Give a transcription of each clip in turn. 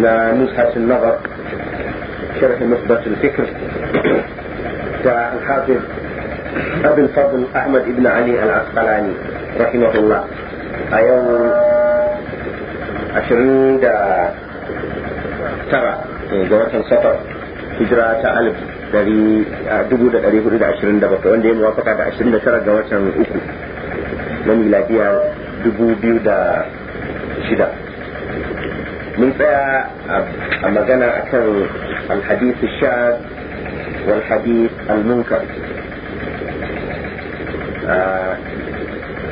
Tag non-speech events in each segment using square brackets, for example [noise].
لنزهة النظر شرح مثبت الفكر دعا الحافظ ابن فضل احمد بن علي العسقلاني رحمه الله ايوم عشرين دا ترى جوات سطر هجرة الف دري دبو دا دري هدو دا عشرين دا بطو وان دي موافقة دا عشرين دا ترى جوات اوكو لن يلاقيها دبو بيو دا شدق mun tsaya a magana akan alhadith shad wal hadith ah,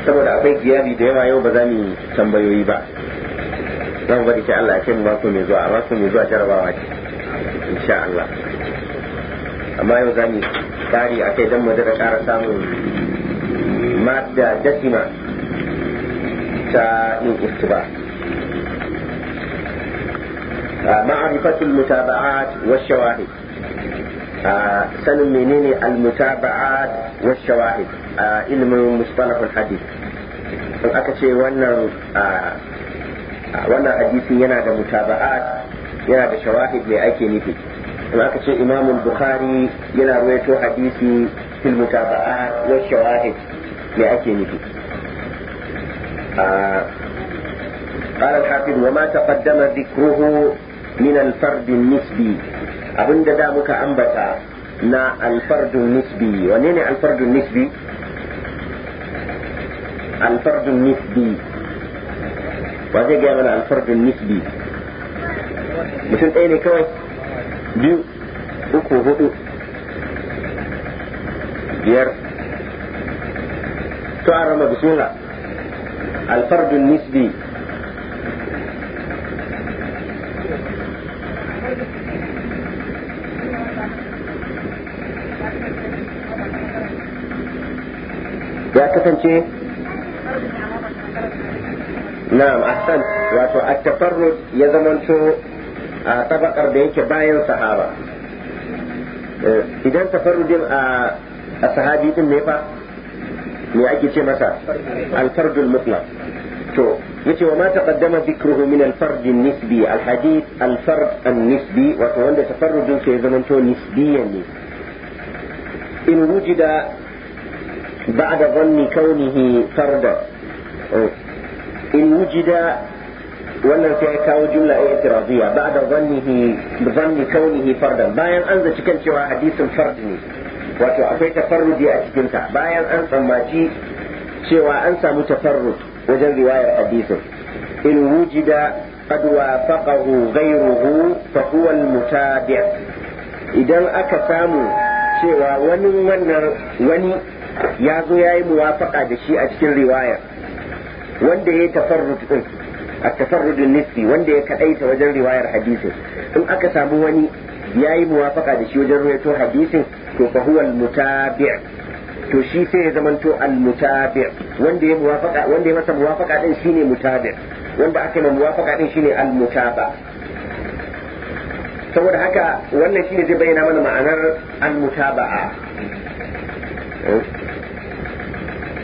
saboda akwai giyabi da yawa yau ba za mu tambayoyi ba zan bari ta Allah ya kai mako mai zuwa mako mai zuwa jarabawa ce insha Allah amma yau za mu tsari a kai don mu daga ƙara samun madda dasima ta yin istiba آه، معرفة المتابعات والشواهد آه، سنمي نيني المتابعات والشواهد علم آه، مصطلح الحديث ان اكتشي وانا وانا حديثي ينا دا متابعات ينا لأي شواهد لأيكي نفي امام البخاري ينا رويتو حديثي في المتابعات والشواهد لأي نفي قال الحافظ وما تقدم ذكره min alfardin nisbi abinda da muka ambata na alfardun nisbi wane ne alfardun nisbi alfardun nisbi ba zai gaya mana alfardun nisbi mutum ɗaya ne kawai biyu uku hudu biyar to an rama bismillah alfardun nisbi kasance na'am ahsan wato at-tafarrud ya zamanto a tabakar da yake bayan sahaba eh, idan tafarrudin a sahabi din ne fa me ake ce masa al-fardul mutlaq to yace wa ma taqaddama dhikruhu min al-fard nisbi al-hadith al-fard an-nisbi wato wanda tafarrudin sai zamanto nisbiyan ne in wujida بعد ظن كونه فردا إن وجد wannan sai ya kawo jumla a itiraziya ba da zanni kaunihi fardan bayan an zaci kan cewa ne wato akwai tafarrudi a cikinta bayan an tsammaci cewa an samu tafarrud wajen riwayar hadisin in wujida qad wafaqahu ghayruhu fa huwa al idan aka samu cewa wani wannan wani ya zo ya yi muwafaka da shi a cikin riwaya wanda ya yi tafarrudin a tafarrudin nisfi wanda ya kaɗaita wajen riwayar hadisin in aka samu wani ya yi muwafaka da shi wajen ruwaito hadisin to fa huwa al-mutabi' to shi sai ya zamanto al-mutabi' wanda ya muwafaka wanda ya masa muwafaka din shine mutabi' wanda aka yi muwafaka din shine al-mutaba saboda haka wannan shine zai bayyana mana ma'anar al-mutaba'a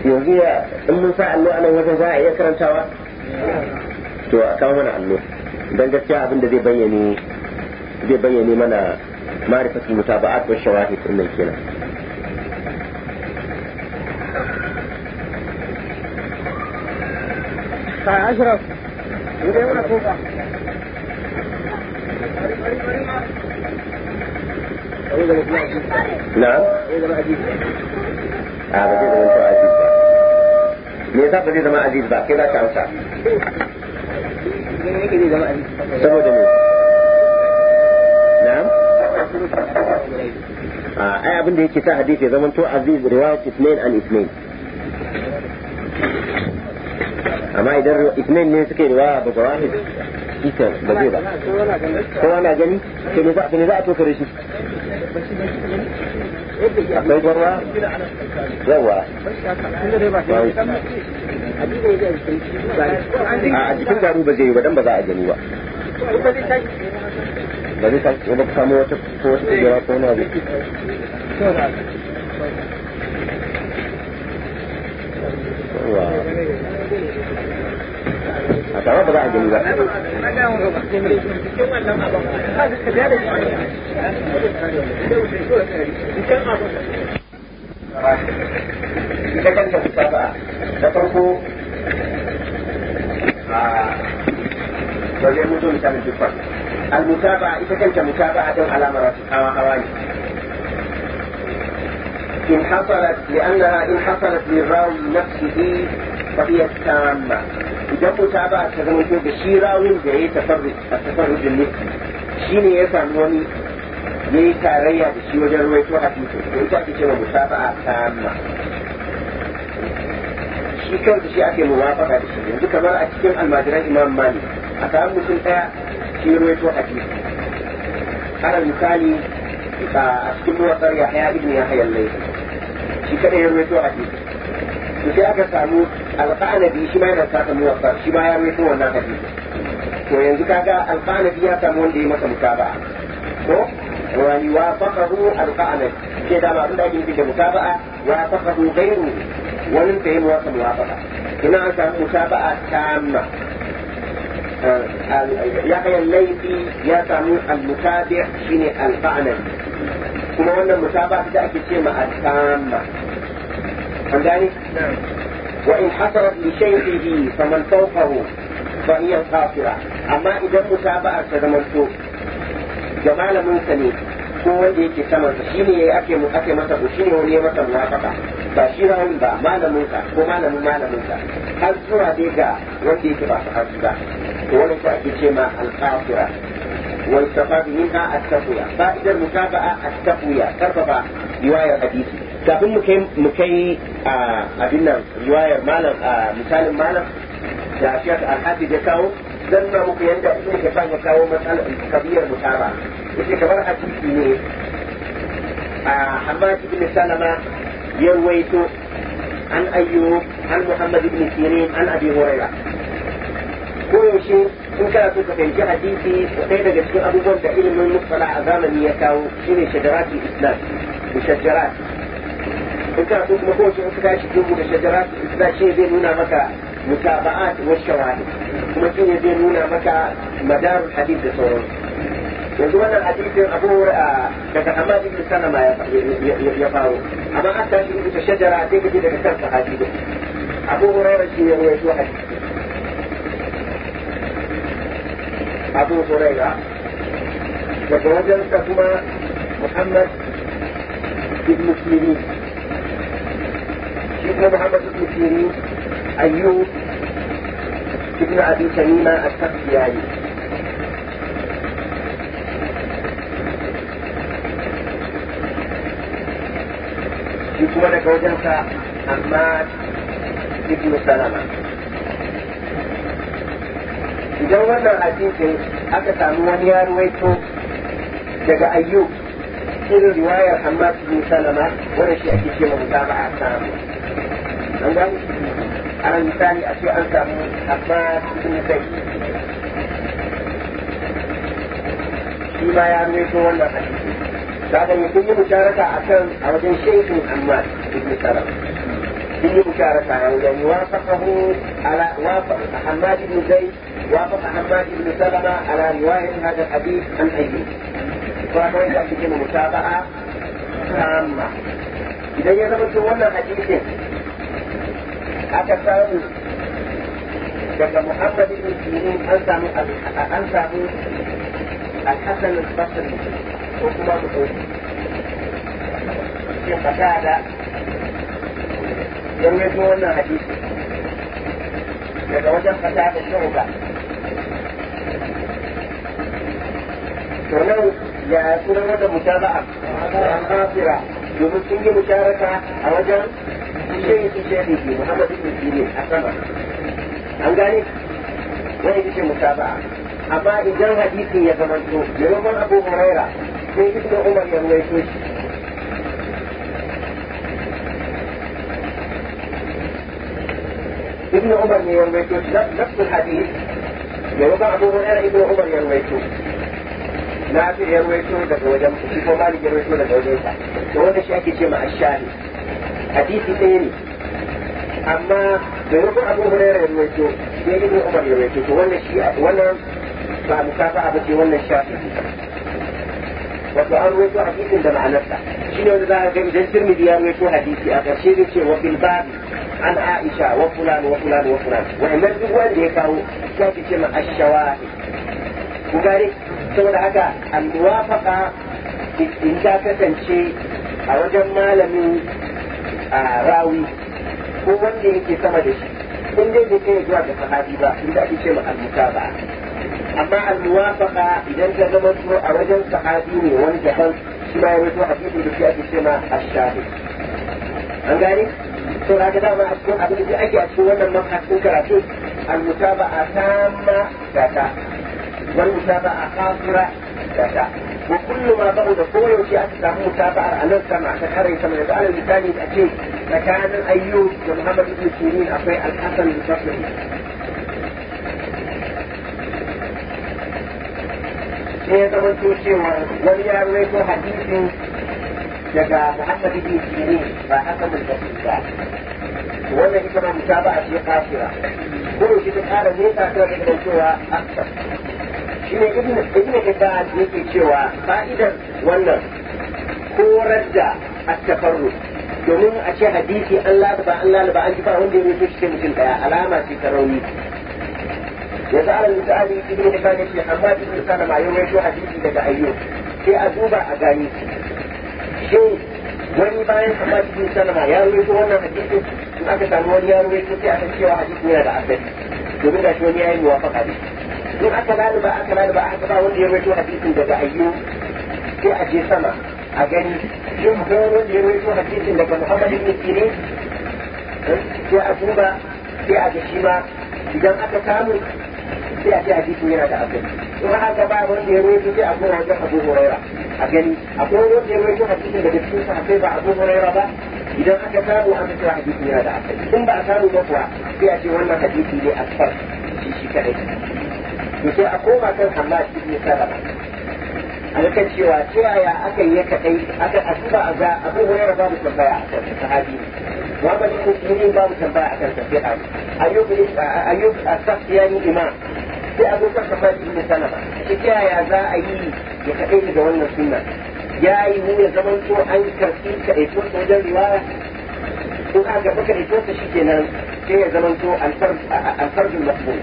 yanzu ya in mun sa allo a nan wajen za a iya karantawa to a kawo mana allo dan gaskiya abin da zai bayyane zai bayyane mana ma'rifatul mutaba'at wa shawahid din nan kenan أشرف نعم a ba zai zama to aziz ba me yasa ba zai zama aziz ba kai za amsa saboda me na'am a ai abin da yake sa hadisi ya zama aziz ismail an ismail amma idan ismail ne suke riwaya ba zawahid ita ba zai ba kowa na gani sai ne za a tokare shi bai garwa yawa a ba zai yi dan ba za a ba ba zai tashi وضع جميلة تكلم بالطبع تتركوا وجمدوا المتابعة إذا كانت متابعة على مراتب أواني إن حصلت لأنها إن حصلت للراوي نفسه فهي تامة idan wuta ba ta zama to da shi rawun da ya yi tafarrujin nufi shi ne ya samu wani ya yi tarayya da shi wajen ruwaito a fito da ita ake cewa musafa ta tamma shi kan da shi ake muwafaka da shi yanzu kamar a cikin almajiran imam mali a samu mutum ɗaya shi ruwaito a fito alal misali a cikin ya yahaya ibn yahaya laifi shi kada ya ruwaito a fito sai aka samu alƙanabi shi ma yana sata muwatta shi ma ya rufe wannan hadisi to yanzu kaga alƙanabi ya samu wanda ya masa mutaba'a ko wani wa faqahu alƙanabi sai da abin da ake nufi da mutaba'a wa faqahu ghayru wani ta yi masa muwafaqa ina an samu mutaba'a tamma يحيى الليثي يا سامو المتابع شيني القعنبي kuma wannan musaba ta ake ce ma al-tamma فهمتني؟ نعم وإن حصلت لشيء به فمن فوقه فهي الخاسرة أما إذا متابعة كذا مكتوب جمال منتني ko wanda yake sama shi ne ake ake masa ko shi ne wani masa muwafaka ba shi na ba malamin ko malamin malamin ka har zuwa dai ga wanda yake ba su har ko wani ka ake ce ma al-kafira wal safa bi minha at-tafwiya fa idan mutaba'a at-tafwiya yi waya hadisi kafin mu kai mu kai a abin nan riwayar malam a misalin malam da shek alhaji ya kawo zan na muku yanda ibn kasan ya kawo matsalar kabiyar mutaba yace kamar hadisi ne a hamad ibn salama ya ruwaito an ayyub an muhammad ibn sirin an abi hurairah koyaushe in kana so ka fahimci hadisi sai daga cikin abubuwan da ilimin mustala a zamani ya kawo shine shadaratul islam mushajjarat ka sa su kuma kowace in suka shi dubu da shajara da shi zai nuna maka mutaba'at wa shawahid kuma shi ne zai nuna maka madarul hadith da sauransu yanzu wannan hadisin abu daga Ahmad ibn Salama ya faru amma an tashi rubuta shajara sai kaje daga kan sahabi da Abu Hurairah shi ya rawaito hadisi Abu Hurairah daga wajensa kuma Muhammad ibn Sirin ابن محمد بن سيرين أيوب ابن أبي تميمة السختياني shi kuma daga wajensa amma ibn idan wannan hadisin aka samu wani ya ruwaito daga ayyub irin riwayar hamad bin salama wanda shi ake ce mu mutaba'a samu an misali a ce an samu abbas ma ya rubuto wannan ne yi musharaka a kan a wajen shaikhin amma ibn salam kun yi musharaka a wajen wafaqahu ala wafaqa Ahmad Salama ala an mutaba'a idan ya zama wannan aka samu daga muhammad ibn sirin an samu an samu al-hasan ko kuma ku ya fata da yan yato wannan hadisi daga wajen fata da shauba sannan ya sun yi musharaka a wajen ce shi shehi shi muhammad ibn sirin a sama an gane wani ita ce musaba'a amma idan hadisin ya zamanto maimakon abu huraira sai ibn umar ya ruwaito shi ابن عمر يرويته نفس الحديث يروى أبو هريرة ابن عمر يرويته نافع يرويته لك وجم ومالك يرويته لك وجم وهذا شيء أكيد مع hadisi ɗaya ne amma da wani abu hurairar ya rawaito sai ibn umar ya to wannan shi wannan ba ce wannan shafi wato an rawaito hadisin da ma'anarsa shi ne wanda za a gani dan tirmidhi ya hadisi a ƙarshe da ce wa fil an aisha wa fulan wa fulan wa fulan wannan duk wanda ya kawo sai ce ma saboda aka al-muwafaqa in ta kasance a wajen malamin rawi ko wanda yake sama da shi kun dai bai kai zuwa ga sahabi ba inda ake ce ma al-mutaba amma al-muwafaqa idan ta zama to a wajen sahabi ne wani daban shi ma ya zuwa hadisin da shi ake ce ma ash-shahi an ni to kaga dama a cikin abin da ake a cikin wannan man karatu al-mutaba'a tamma da ta ولو تابع خاطرة كذا وكل ما بعد طول وشيء أكثر متابعة على السمع شكرا كما يتعالى الثاني الأجيب فكان الأيوب من هذا ابن سيرين أخي الحسن من شخصه إيه هذا من توشي ولي أرويك حديث كذا محمد ابن سيرين فحسن من شخصه وانا كما متابعة شيء قاصرة كل شيء تتعالى ليس أكثر من شخصه أكثر shi ne ibn ibn yake cewa fa'idar wannan korar da at domin a ce hadisi an lalaba an lalaba an ba wanda ya rubuta shi mutum daya alama ce ta rauni yanzu alal misali ibn ne shi amma ibn salama ya rawaito hadisi daga ayyo sai a duba a gani shi wani bayan amma ibn salama ya rawaito wannan hadisi in aka samu wani ya rawaito sai aka cewa hadisi yana da asali domin da shi wani ya yi muwafaka da shi in aka laluba aka laluba aka ba wanda ya rawaito hadisin daga ayyu sai a je sama a gani yin ga wanda ya rawaito hadisin daga muhammad ibn sirin eh, sai a duba sai a ga shi ma idan aka samu sai a ce hadisin yana da abin in aka ba wanda ya rawaito sai a koma wajen abu huraira a gani akwai wanda ya rawaito hadisin daga cikin sahabbai ba abu huraira ba idan aka samu aka kira hadisi yana da asali in ba a samu ba kuwa sai a ce wannan hadisi ne asfar shi shi kadai to sai a koma kan Hamad ibn Salama an kan cewa ta yaya aka yi kadai aka asuba a ga abu hurairar babu tambaya a kan sahabi ne wa ba ni ba babu tambaya a kan tafiya ayyub ayyub ya ni imam sai abu kan Hamad ibn Salama shi ta yaya za a yi ya kadai da wannan sunna ya yi mu ya zama to an karfi kadaito wajen riwaya in aka baka da shi kenan sai ya zama to alfarjin maqbul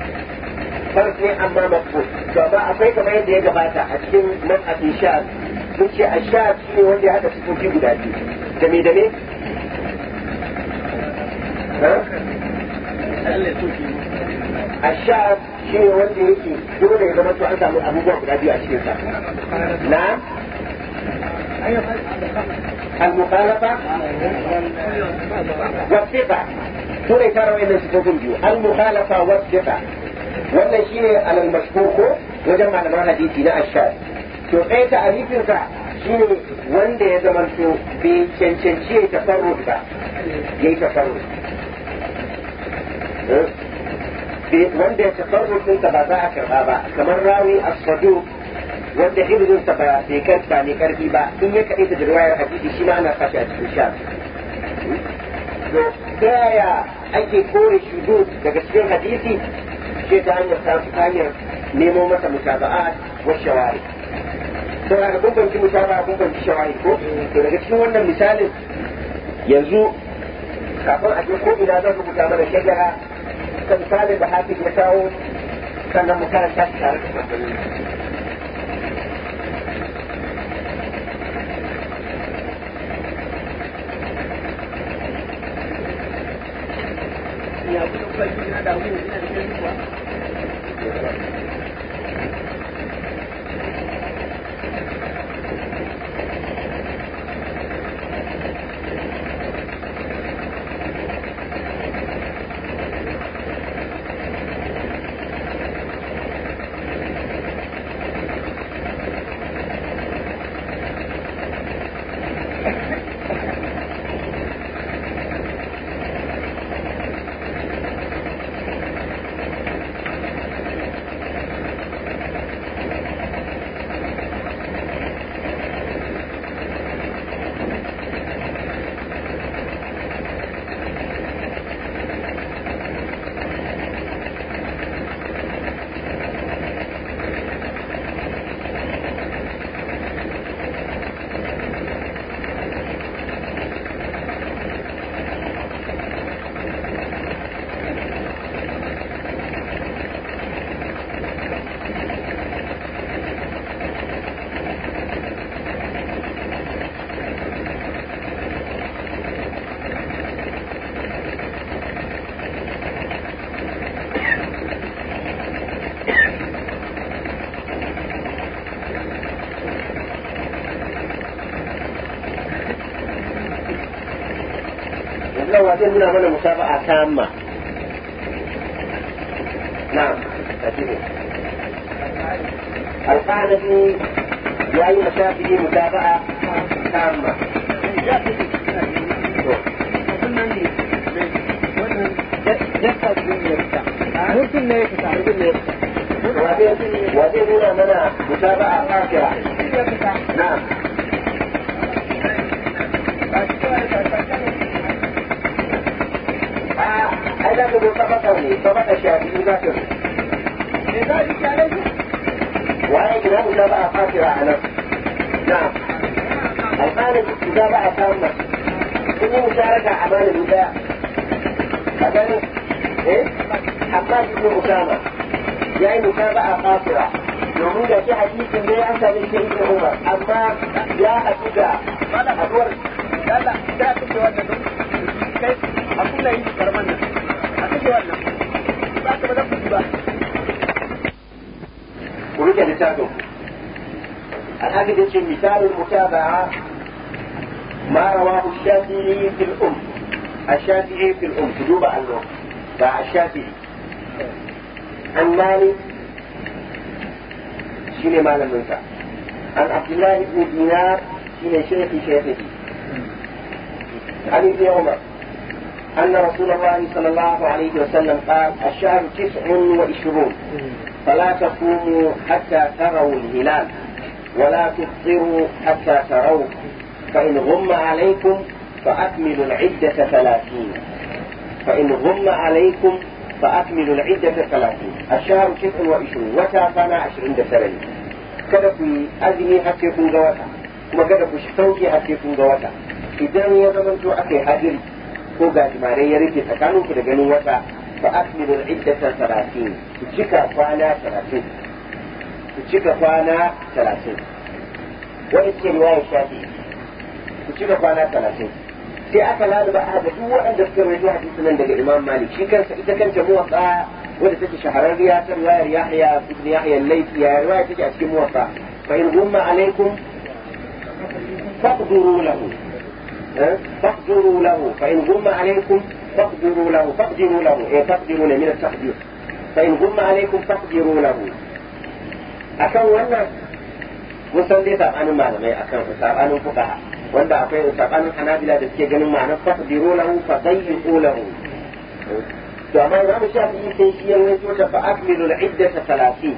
farz ne amma makfu to amma akwai kamar yadda ya gabata a cikin nan a ishaq sun ce a sha ne wanda ya haɗa sifofi guda biyu da me da me الشعب شيء وندي يجي دول إذا ما تعرف عن أبو بكر أبي أشير نعم المخالفة والثقة دول يتروا إن سبوكم المخالفة والثقة wannan shi ne alal mashhur ko wajen malaman hadisi na ashar to kai ta shi shine wanda ya zama to bai cancanci ya tafarrud ba ya yi tafarrud eh? wanda ya tafarrud ɗinsa ba za a karɓa ba kamar rawi a sadu wanda hibzinsa ba bai kai ba mai karfi ba in ya kaɗe ta da hadisi shi ma ana sashi a cikin sha hmm? to ta yaya ake kore shudu daga cikin hadisi جيت أن يختار أن نمو مثل المتابعات والشوارب سواء كنت في متابعة كنت في الشوارب لكن شو أن المثال ينزو كأقول أجلكم إلى ذلك المتابعة الشجرة كمثال بحاكي جساو كان المثال تسكر Yeah, we don't play with that, we don't play with that, we don't play with that. 何 nuna mana musaba'a tamma na'am alƙalafi ya yi musafiri musaba'a tamma ممكن لا يفتح ممكن لا يفتح وبعدين صمته صمت الشافعي كافر لذلك عليه ويجب أن تبع قاتل على نعم الخالد متابعة تامة كل مشاركة أعمال الوداع فبني إيه؟ حماد بن أسامة يعني متابعة قاصرة يقول في حديث لا ينسى من شيء عمر أما يا أتوجا أدور لا لا لا تقول أقول لك كرمنا wannan ba ta ba za ku ba ku rike littafin alhaji da ce misalin mutaba'a ما رواه الشافعي في الأم الشافعي في الأم تدوب عنه مع الشافعي عن مالك شيني ما لم ينفع عن عبد الله بن دينار شيني شيخ شيخه عن ابن عمر أن رسول الله صلى الله عليه وسلم قال الشهر تسع وعشرون فلا تقوموا حتى تروا الهلال ولا تفطروا حتى تروه فإن غم عليكم فأكملوا العدة ثلاثين فإن غم عليكم فأكملوا العدة ثلاثين الشهر تسع وعشرون وتا فانا عشرين دسرين kada ku yi azumi har sai kun ga wata kuma في ku sauke har sai kun ko ga ya rage tsakanin ku da ganin wata fa akmilu al-iddata 30 ku cika kwana 30 ku cika kwana 30 wani ke riwaya shafi ku cika kwana 30 sai aka laluba a duk waɗanda suka rawaito hadisin nan daga Imam Malik shi kansa ita kanta muwatta wanda take shahararriya ta riwayar Yahya ibn Yahya al-Laythi ya riwaya take a cikin muwatta fa in gumma alaikum faqduru lahu فاقدروا له فإن غم عليكم فاقدروا له فاقدروا له إيه تقدرون من التقدير فإن غم عليكم فاقدروا له أكن ولا musalli sabanin malamai akan su sabanin fuqaha wanda akwai sabanin hanabila da suke ganin ma'anar faqdiru lahu fa dayyiqu lahu to amma za mu sha biyu sai shi yayin ta fa akmilu al-iddata 30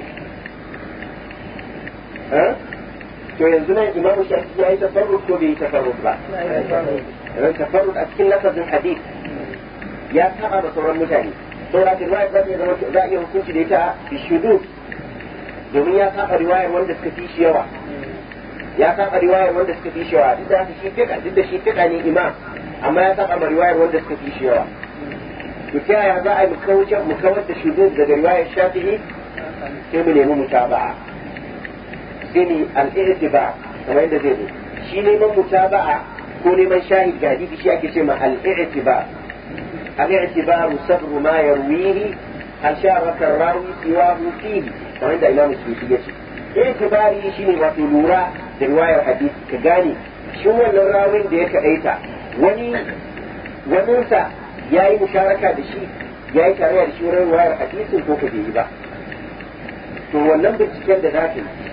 to yanzu nan imamu shafi ya yi tafarrud ko bai yi tafarrud ba ran tafarrud a cikin lafazin hadith ya kama da sauran mutane saura da riwayar za ta zama za a iya hukunci da ita shudud domin ya saba riwayar wanda suka fi shi yawa ya saba riwayar wanda suka fi shi yawa duk da haka shi fiqa duk da shi fiqa ne imam amma ya saba ma riwayar wanda suka fi shi yawa to ta yaya za a yi mu kawar da shudud daga riwayar shafi'i sai mu nemi mutaba'a dini al-i'tiba kamar yadda zai zo shi neman mutaba'a ko neman shahid ga hadisi shi ake ce ma al-i'tiba al-i'tiba sabru ma yarwihi asharaka rawi siwahu fihi kamar yadda imam sufi ya ce shi ne wato lura da riwayar hadisi ka gane shi wannan rawin da ya kadaita wani waninsa ya yi musharaka da shi ya yi tarayya da shi wurin riwayar hadisin ko ka bai yi ba to wannan binciken da za ka yi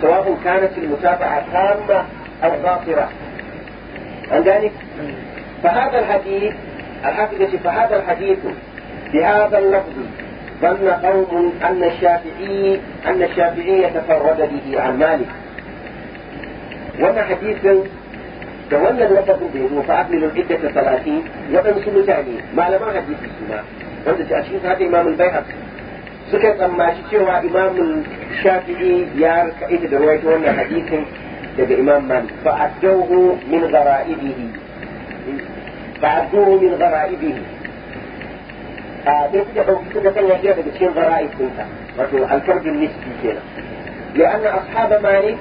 سواء كانت المتابعة تامة أو ظاهرة عن ذلك فهذا الحديث الحقيقة فهذا الحديث بهذا اللفظ ظن قوم أن الشافعي أن الشافعي تفرد به عن مالك وما حديث تولى اللفظ به وفعقل العدة ثلاثين وأنصل تعليم ما لما حديث السماء wanda ta هذا إمام البيعة سكت أما suka إمام cewa الشافعي يار سعيد روايته وانا حديث لدى إمام مالك فعدوه من غرائبه فعدوه من غرائبه بيت ده بوكي كده غرائبه يجيب بسين غرائب كنت مثل الكرب النسبي كده لأن أصحاب مالك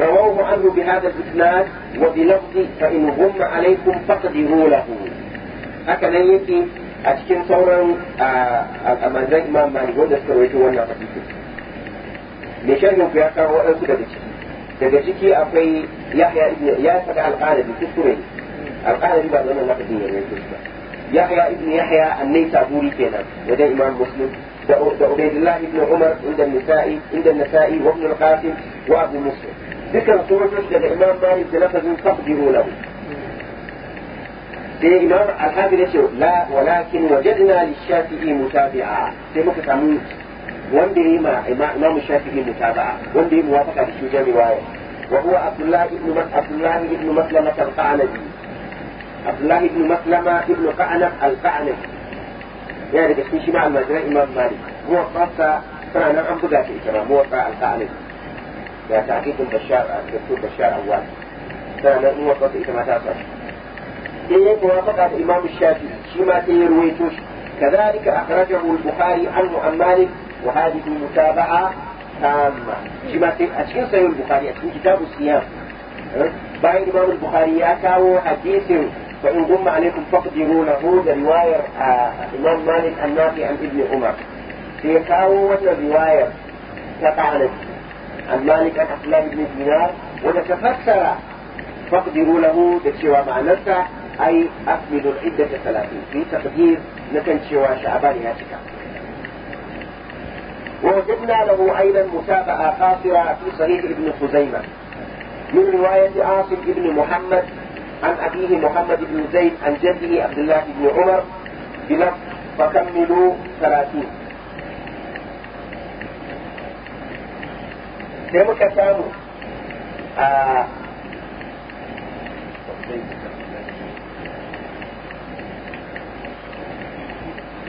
رووه عنه بهذا الإسناد وبلفظ فإن غم عليكم فقدروا له هكذا يجي أشكين صورا آه، آه، آه، زي ما مالك وده ويتوانا قد قديسي da sharhin ya kawo waɗansu daga ciki daga ciki akwai yahya ibn ya faɗa alƙalabi kuskure alƙalabi ba zaman na kafin yare su ba yahya ibn yahya annai saburi kenan wajen imam muslim da da ubaydullah ibn umar inda nisa'i inda nisa'i wa ibn al-qasim wa abu muslim dukkan suratun daga imam malik da lafazin taqdiru lahu sai imam al-hafiz ya ce la walakin wajadna lish mutabi'a sai muka samu وندي إيه ما ما نام الشافعي متابعة وندي إيه موافقة بالشجاع رواية وهو عبد الله ابن مس عبد الله ابن مسلمة القعنبي عبد الله ابن مسلمة ابن قعنب القعنبي يعني بس نشي مع المجرى إمام مالك هو قصة ترى أنا أم نعم بقى في إسلام هو قصة القعنب يا تعقيد بشار الدكتور بشار أول ترى أنا هو قصة إسلام تاسر إيه موافقة الإمام الشافعي شيما تيرويتوش كذلك أخرجه البخاري عنه عن مالك وهذه متابعة تامة كما أشكال صحيح البخاري أشكال كتاب الصيام أه؟ باين إمام البخاري يكاو حديث فإن قم عليكم فقدرونه رواية آه، إمام مالك النافي عن ابن عمر سيكاو ولا رواية تقعنت عن مالك عن أسلام بن دينار له فقدرونه مع نفسه أي أكمل العدة ثلاثين في تقدير نكن سوى شعبان هاتكا ووجدنا له أيضا متابعة خاطرة في صحيح ابن خزيمة من رواية عاصم بن محمد عن أبيه محمد بن زيد عن جده عبد الله بن عمر بلفظ فكملوا ثلاثين كم كتابوا آه.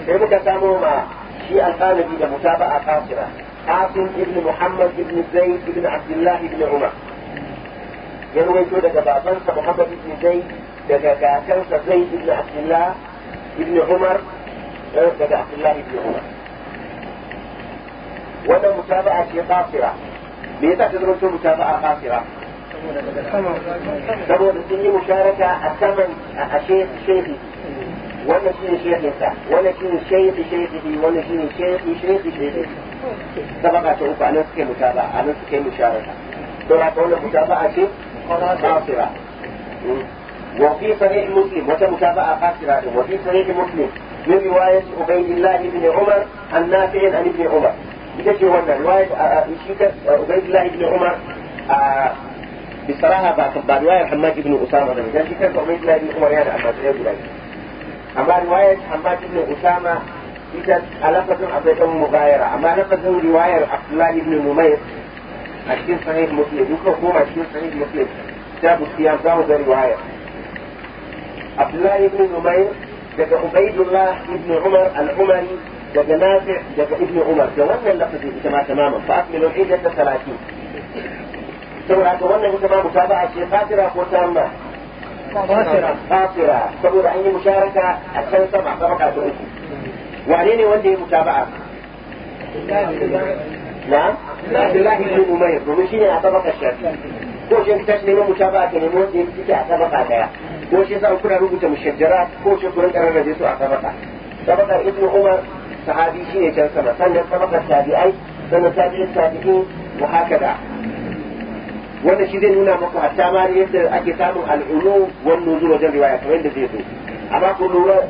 كم كتابوا ما آه. شيئا كان في متابعة قاصرة قاسم ابن محمد ابن زيد ابن عبد الله ابن عمر يروي كده جبابنسى محمد ابن زيد دجا كان زيد ابن عبد الله ابن عمر دجا عبد الله ابن عمر وده متابعة شيء قاصرة ليتا تدرسوا متابعة قاصرة saboda sun مشاركة musharaka a saman ونسيم شيخ نساء ونسيم شيخ شيخه ونسيم شيخ شيخ شيخه طبقة أخرى أنا سكي متابعة أنا سكي مشاركة ترى قول متابعة شيء قاصرة وفي صحيح مسلم وفي متابعة قاصرة وفي صحيح مسلم من رواية عبيد الله بن عمر عن نافع عن ابن عمر بتجي وانا رواية عبيد الله بن عمر آه، بصراحة بعد رواية حماد بن أسامة ده كان عبيد الله بن عمر يعني عماد بن عمر amma riwayar Hamad ibn Usama ita a lafazin akwai ɗan mugayara amma lafazin riwayar Abdullahi ibn Numayr a cikin sahih Muslim duka koma cikin sahih Muslim kitabu siyam za mu ga riwayar Abdullahi ibn Numayr daga Ubaidullah ibn Umar al-Umari daga Nafi daga ibn Umar da wannan lafazin ita ma tamaman fa akmilu iddata 30 saboda haka wannan ita ma mutaba'a ce fatira ko tamma kafira saboda an yi musharaka a can sama sama ka uku wane ne wanda ya mutaba'a na Abdullahi ibn Umayr domin shine a tabaka ko shi ka neman mutaba'a ka nemi wanda ya fita daya ko shi yasa kuna rubuta mushajjara ko shi kun kararraje su a tabaka tabakar ibn Umar sahabi shine can sama sannan tabakar tabi'ai sannan shi zai nuna maka ولا شيء ذي هنا مقطع السامار يبدأ أكتاب العلوم والنزول وجل رواية كمان دزيته أما قلوا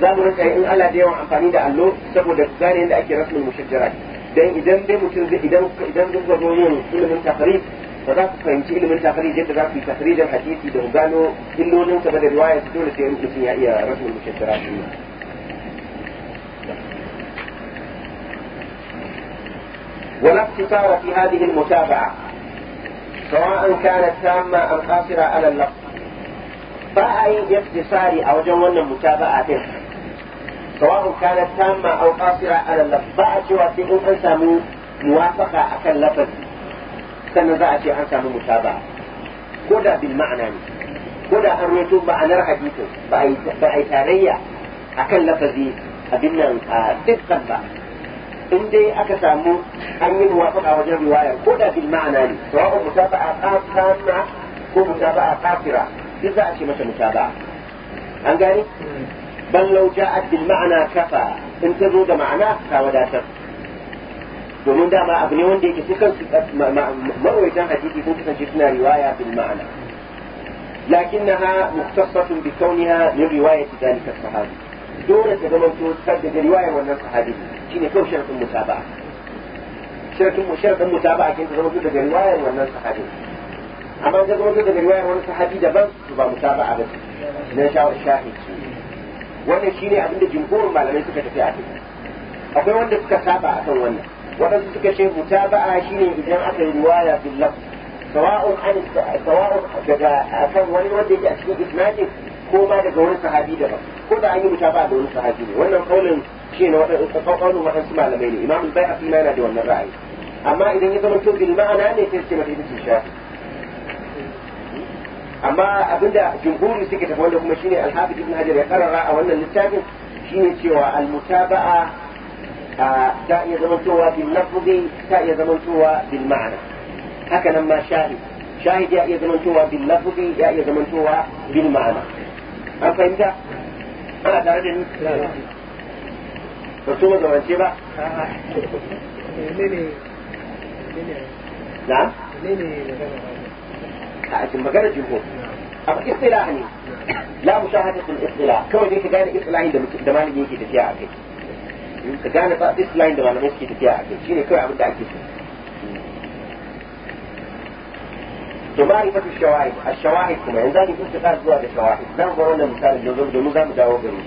ذا مرس أي إن الله ديوان أمفاني دا اللو سبو دكتاني دا أكي رسم mushajjara dan idan dai mutum zai idan idan duk da yin ilimin takrib ba za ku fahimci ilimin takrib yadda za ku yi takrijin hadisi da gano illolin ka da riwaya su dole sai mutum ya iya rasul mushaddara shi ولا اختصار في هذه المتابعة سواء كانت تامة أم قاصرة على اللفظ فأي اقتصاري أو جوانا متابعة سواء كانت تامة أو قاصرة على اللفظ بعد وفي إن أنسى موافقة أكل لفظ سنزعت شيء متابعة كذا بالمعنى كذا أن يتوب أن أنا حديثه بأي تارية أكل لفظي أبنى صدقا بقى إن دي أكسامو أن من وافق أو جمع رواية كل في المعنى سواء متابعة قاف تامة أو متابعة قافرة إذا أشي مش متابعة أن قالي بل لو جاءت بالمعنى كفى إن تزود معناه فهو دا شر ومن دا ما أبنيون دي كسكن مروي جاء حديثي كنت سنشفنا رواية بالمعنى لكنها مختصة بكونها من رواية ذلك الصحابي dole ta zama to da riwaya wannan sahabi shine kawai sharadin mutaba'a sharadin mu sharadin mutaba'a kin zama to da riwaya wannan sahabi amma ta zama to da riwaya wannan sahabi daban to ba mutaba'a ba na shawo shahid wannan shine abin da jumhurin malamai suka tafi a kai akwai wanda suka saba akan wannan waɗansu suka ce mutaba'a shine idan aka yi riwaya bil lafz سواء عن سواء كذا أصلا ولا ودي أكيد إثماتي هو ما دعوني صحابي ده كل أي متابع دعوني صحابي ده وإنما قول شيء وما تقول وما تسمع لما يلي إمام البيع في ما نادي وإنما راعي أما إذا نظر نشوف المعنى أني تسمع في نفس الشيء أما أبدا جمهور سكت فوالله هم شيني الحافظ ابن هجر يقرر رأى وأن النساج شيني سوى المتابعة تأي آه، زمن سوى باللفظ تأي زمن سوى بالمعنى هكذا ما شاهد شاهد يا يزمنتها باللفظ يا يزمنتها بالمعنى أم فهمت؟ أنا تعرف رسومة زمان شبه نعم ثم قال الجمهور اصطلاحني لا مشاهدة الاصطلاح كون ديك قال اصطلاحين ده ما لي يجي تتيا عكي قال اصطلاحين ده ما لي يجي تتيا عكي شيني كوي عبد عكي لمعرفة الشواهد الشواهد كما عندنا اتخاذ ذوات الشواهد لا أن مثال الجذور دمزم داو بروش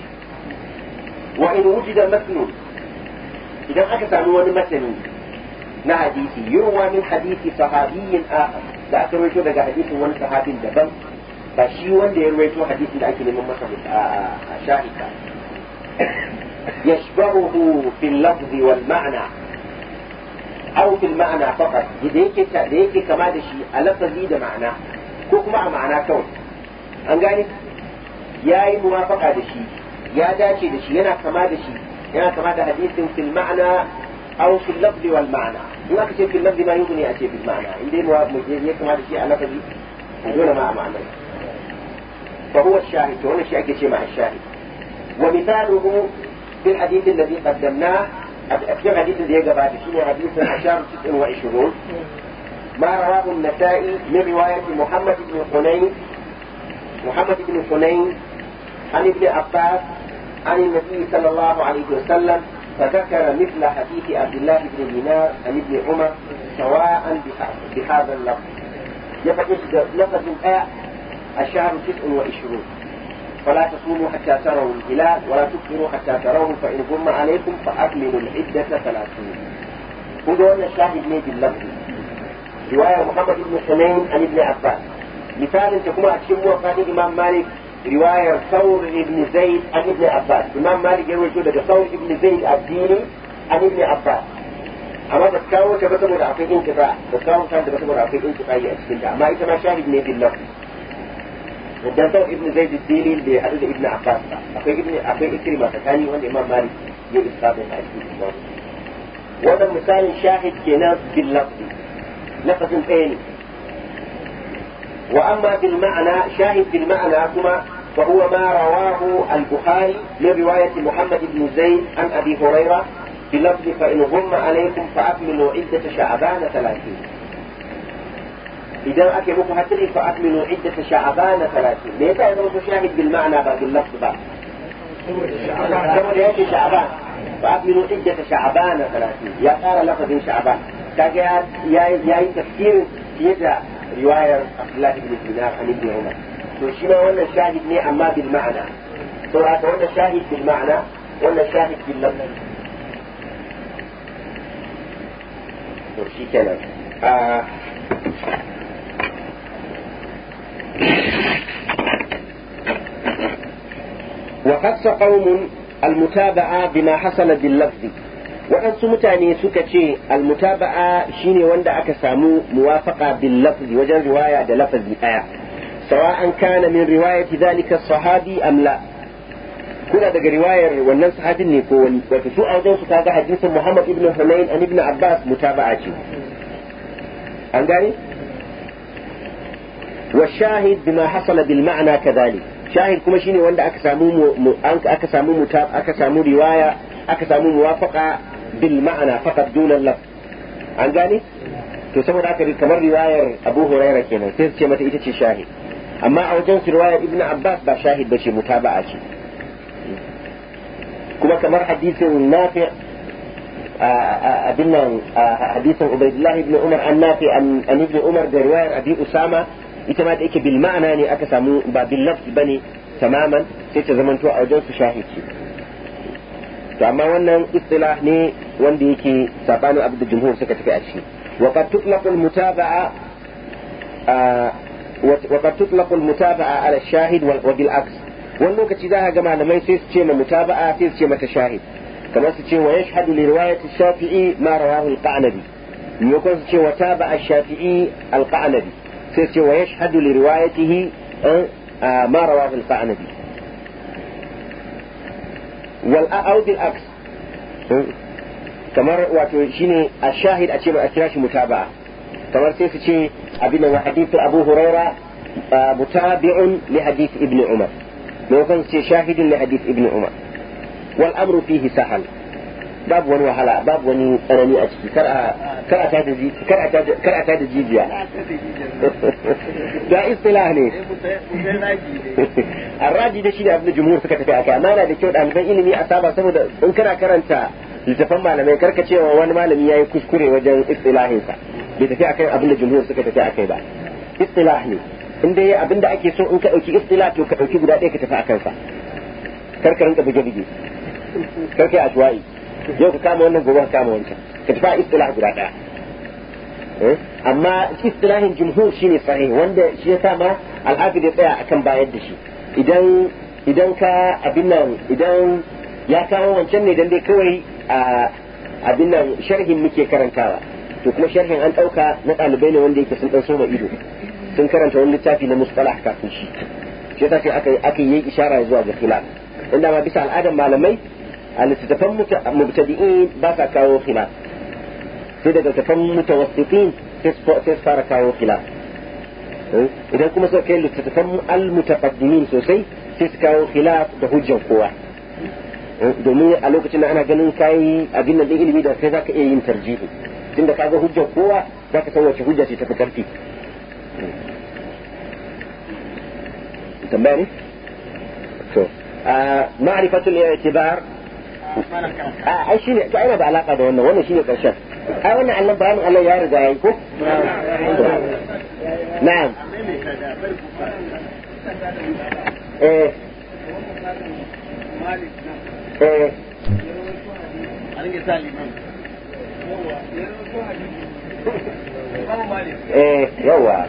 وإن وجد مثل إذا حكت أكثر من مثل نحديثي يروى من حديث صحابي آخر لا أكثر شو بقى حديث هو صحابي دبل فشي وان دي يروي شو حديث لأكل من مصر آه، آه، آه، شاهد يشبهه في اللفظ والمعنى aw fil ma'ana faqat da yake kama da shi a lafazi da ma'ana ko kuma a ma'ana kawai an gane yayi muwafaqa da shi ya dace da shi yana kama da shi yana kama da hadisin fil ma'ana aw ma'ana in aka ce fil lafzi ma yughni a ce ma'ana in dai mu ya kama da shi a lafazi dole ma a ma'ana fa huwa shahid to wannan shi ake ce ma shahid wa mithaluhu في الحديث الذي قدمناه كم حديث اللي يقرأ بعد شنو حديث الأشار تسع وعشرون ما رواه النسائي من رواية محمد بن حنين محمد بن حنين عن ابن عباس عن النبي صلى الله عليه وسلم فذكر مثل حديث عبد الله بن دينار عن ابن عمر سواء بهذا اللفظ لفظ لفظ الآية الشهر تسع وعشرون فلا تصوموا حتى تروا الهلال ولا تكفروا حتى تروه فإن غم عليكم فأكملوا العدة ثلاثين هو الشاهد ليه باللفظ رواية محمد بن حنين عن ابن عباس مثال تكون أتشم وقال إمام مالك رواية ثور ابن زيد عن ابن عباس إمام مالك يروي شو ثور ابن زيد الديني عن ابن عباس أما ba kawo ta انتفاع saboda akwai inkifa ba kawo ta ما ba saboda akwai inkifa ya الدرداء ابن زيد الديني اللي ابن عباس أخي ابن أخي إكرمة ثاني الإمام مالك يجب إسقاط الحديث الإمام وهذا مثال شاهد كناس باللفظ لفظ ثاني وأما في المعنى شاهد في المعنى كما فهو ما رواه البخاري من رواية محمد بن زيد عن أبي هريرة بلفظ فإن غم عليكم فأكملوا عدة شعبان ثلاثين إذا أكي بوكو هتري فأكملوا عدة شعبان ثلاثين ليه كأنه مشاهد بالمعنى بعد اللفظ بعد شعبان شعبان فأكملوا عدة شعبان ثلاثين يا قارة لفظ شعبان تجعل يا يا تفكير يدع رواية أخلاق ابن الدينار عن ابن عمر تو هو ولا شاهد ني أما بالمعنى تو هات ولا الشاهد بالمعنى ولا شاهد الشاهد تو شي كلام آه. وخص قوم المتابعة بما bin باللفظ waɗansu mutane suka ce almutaba'a shine wanda aka samu muwafaqa bin lafzi wajen riwaya da lafazi ɗaya sawa'an kana min riwayati zalika sahabi am la daga riwayar wannan sahabin ne ko wani wato su a wajen su kaga hadisin Muhammad ibn Hunayn an ibn Abbas mutaba'a ce an gane والشاهد بما حصل بالمعنى كذلك شاهد كما شيني واندا اكا سامو م... اكا سامو متاب اكا رواية اكا موافقة بالمعنى فقط دون اللفظ عن ذلك to saboda haka kamar riwayar Abu Huraira kenan sai ce mata ita ce shahid amma a wajen riwayar Ibn Abbas ba shahid bace mutaba'a ce kuma kamar hadisin Nafi' abin nan hadisin Ubaydullah ibn Umar an Nafi an ibn Umar da riwayar Abi Usama ita ma da yake bil ma'ana ne aka samu ba bil lafz bane tamaman sai ta to a wajen su shahidi to amma wannan istilah ne wanda yake sabanin abin da jumhur suka tafi a ciki wa qad tutlaqu al mutaba'a wa qad tutlaqu al mutaba'a ala shahid wa bil aks wani lokaci za ka ga malamai sai su ce ma mutaba'a sai su ce mata shahid kamar su ce wa yashhadu li riwayati shafi'i ma rawahu al qanabi maimakon su ce wa taba'a shafi'i al qanabi تفسير ويشهد لروايته أه، آه، ما رواه القعنبي والأعود الأكس أه، تمر واتشيني الشاهد أتشيب أتراش متابعة تمر سيسي أبينا وحديث أبو هريرة متابع لحديث ابن عمر لو كان شاهد لحديث ابن عمر والأمر فيه سهل babu wani wahala babu wani tsanani a ciki kar a tada jijiya da istilah ne [laughs] raji da shi ne abin da jumhur suka tafi akai amma yana da kyau ɗaliban ilimi a saba saboda in kana karanta littafan malamai karka cewa wani malami ya yi kuskure wajen istilahinsa bai tafi akan abin da jumhur suka tafi akai ba istilah ne in dai abin da ake so in ka ɗauki istilah to ka ɗauki guda ɗaya ka tafi akan sa karka rinka buge-buge karka yi ashwa'i yau ka kama wannan gobe ka kama wancan ka tafi istilah guda ɗaya. Eh? amma istilahin jumhur shine sahih wanda shi yasa ma al'afi da tsaya akan bayar da shi idan idan ka abin nan idan ya kawo wancan ne dan dai kawai a abin nan sharhin muke karantawa to kuma sharhin an dauka na ɗalibai ne wanda yake sun dan soma ido sun karanta wani littafi na musalah kafin shi shi yasa sai aka aka yi ishara zuwa ga khilaf inda ma bisa al'adar malamai التي تفهم مبتدئين بس كاو خلا إيه؟ إذا تفهم متوسطين تسفى تسفى كاو خلا إذا كم سو كيل تفهم المتقدمين سوسي تس كاو خلا بهجة قوة إيه؟ دومي ألو كتنا أنا جنون كاي أجن الدين اللي بيدا كذا كأي ترجيه إذا كاو هجة قوة ذاك سوى شهودة تتكرتي تمام؟ آه، معرفة الاعتبار ai shine to ai da alaka da wannan wannan shine karshen ai wannan Allah bayanin Allah ya riga yayi ko na'am eh eh eh yawa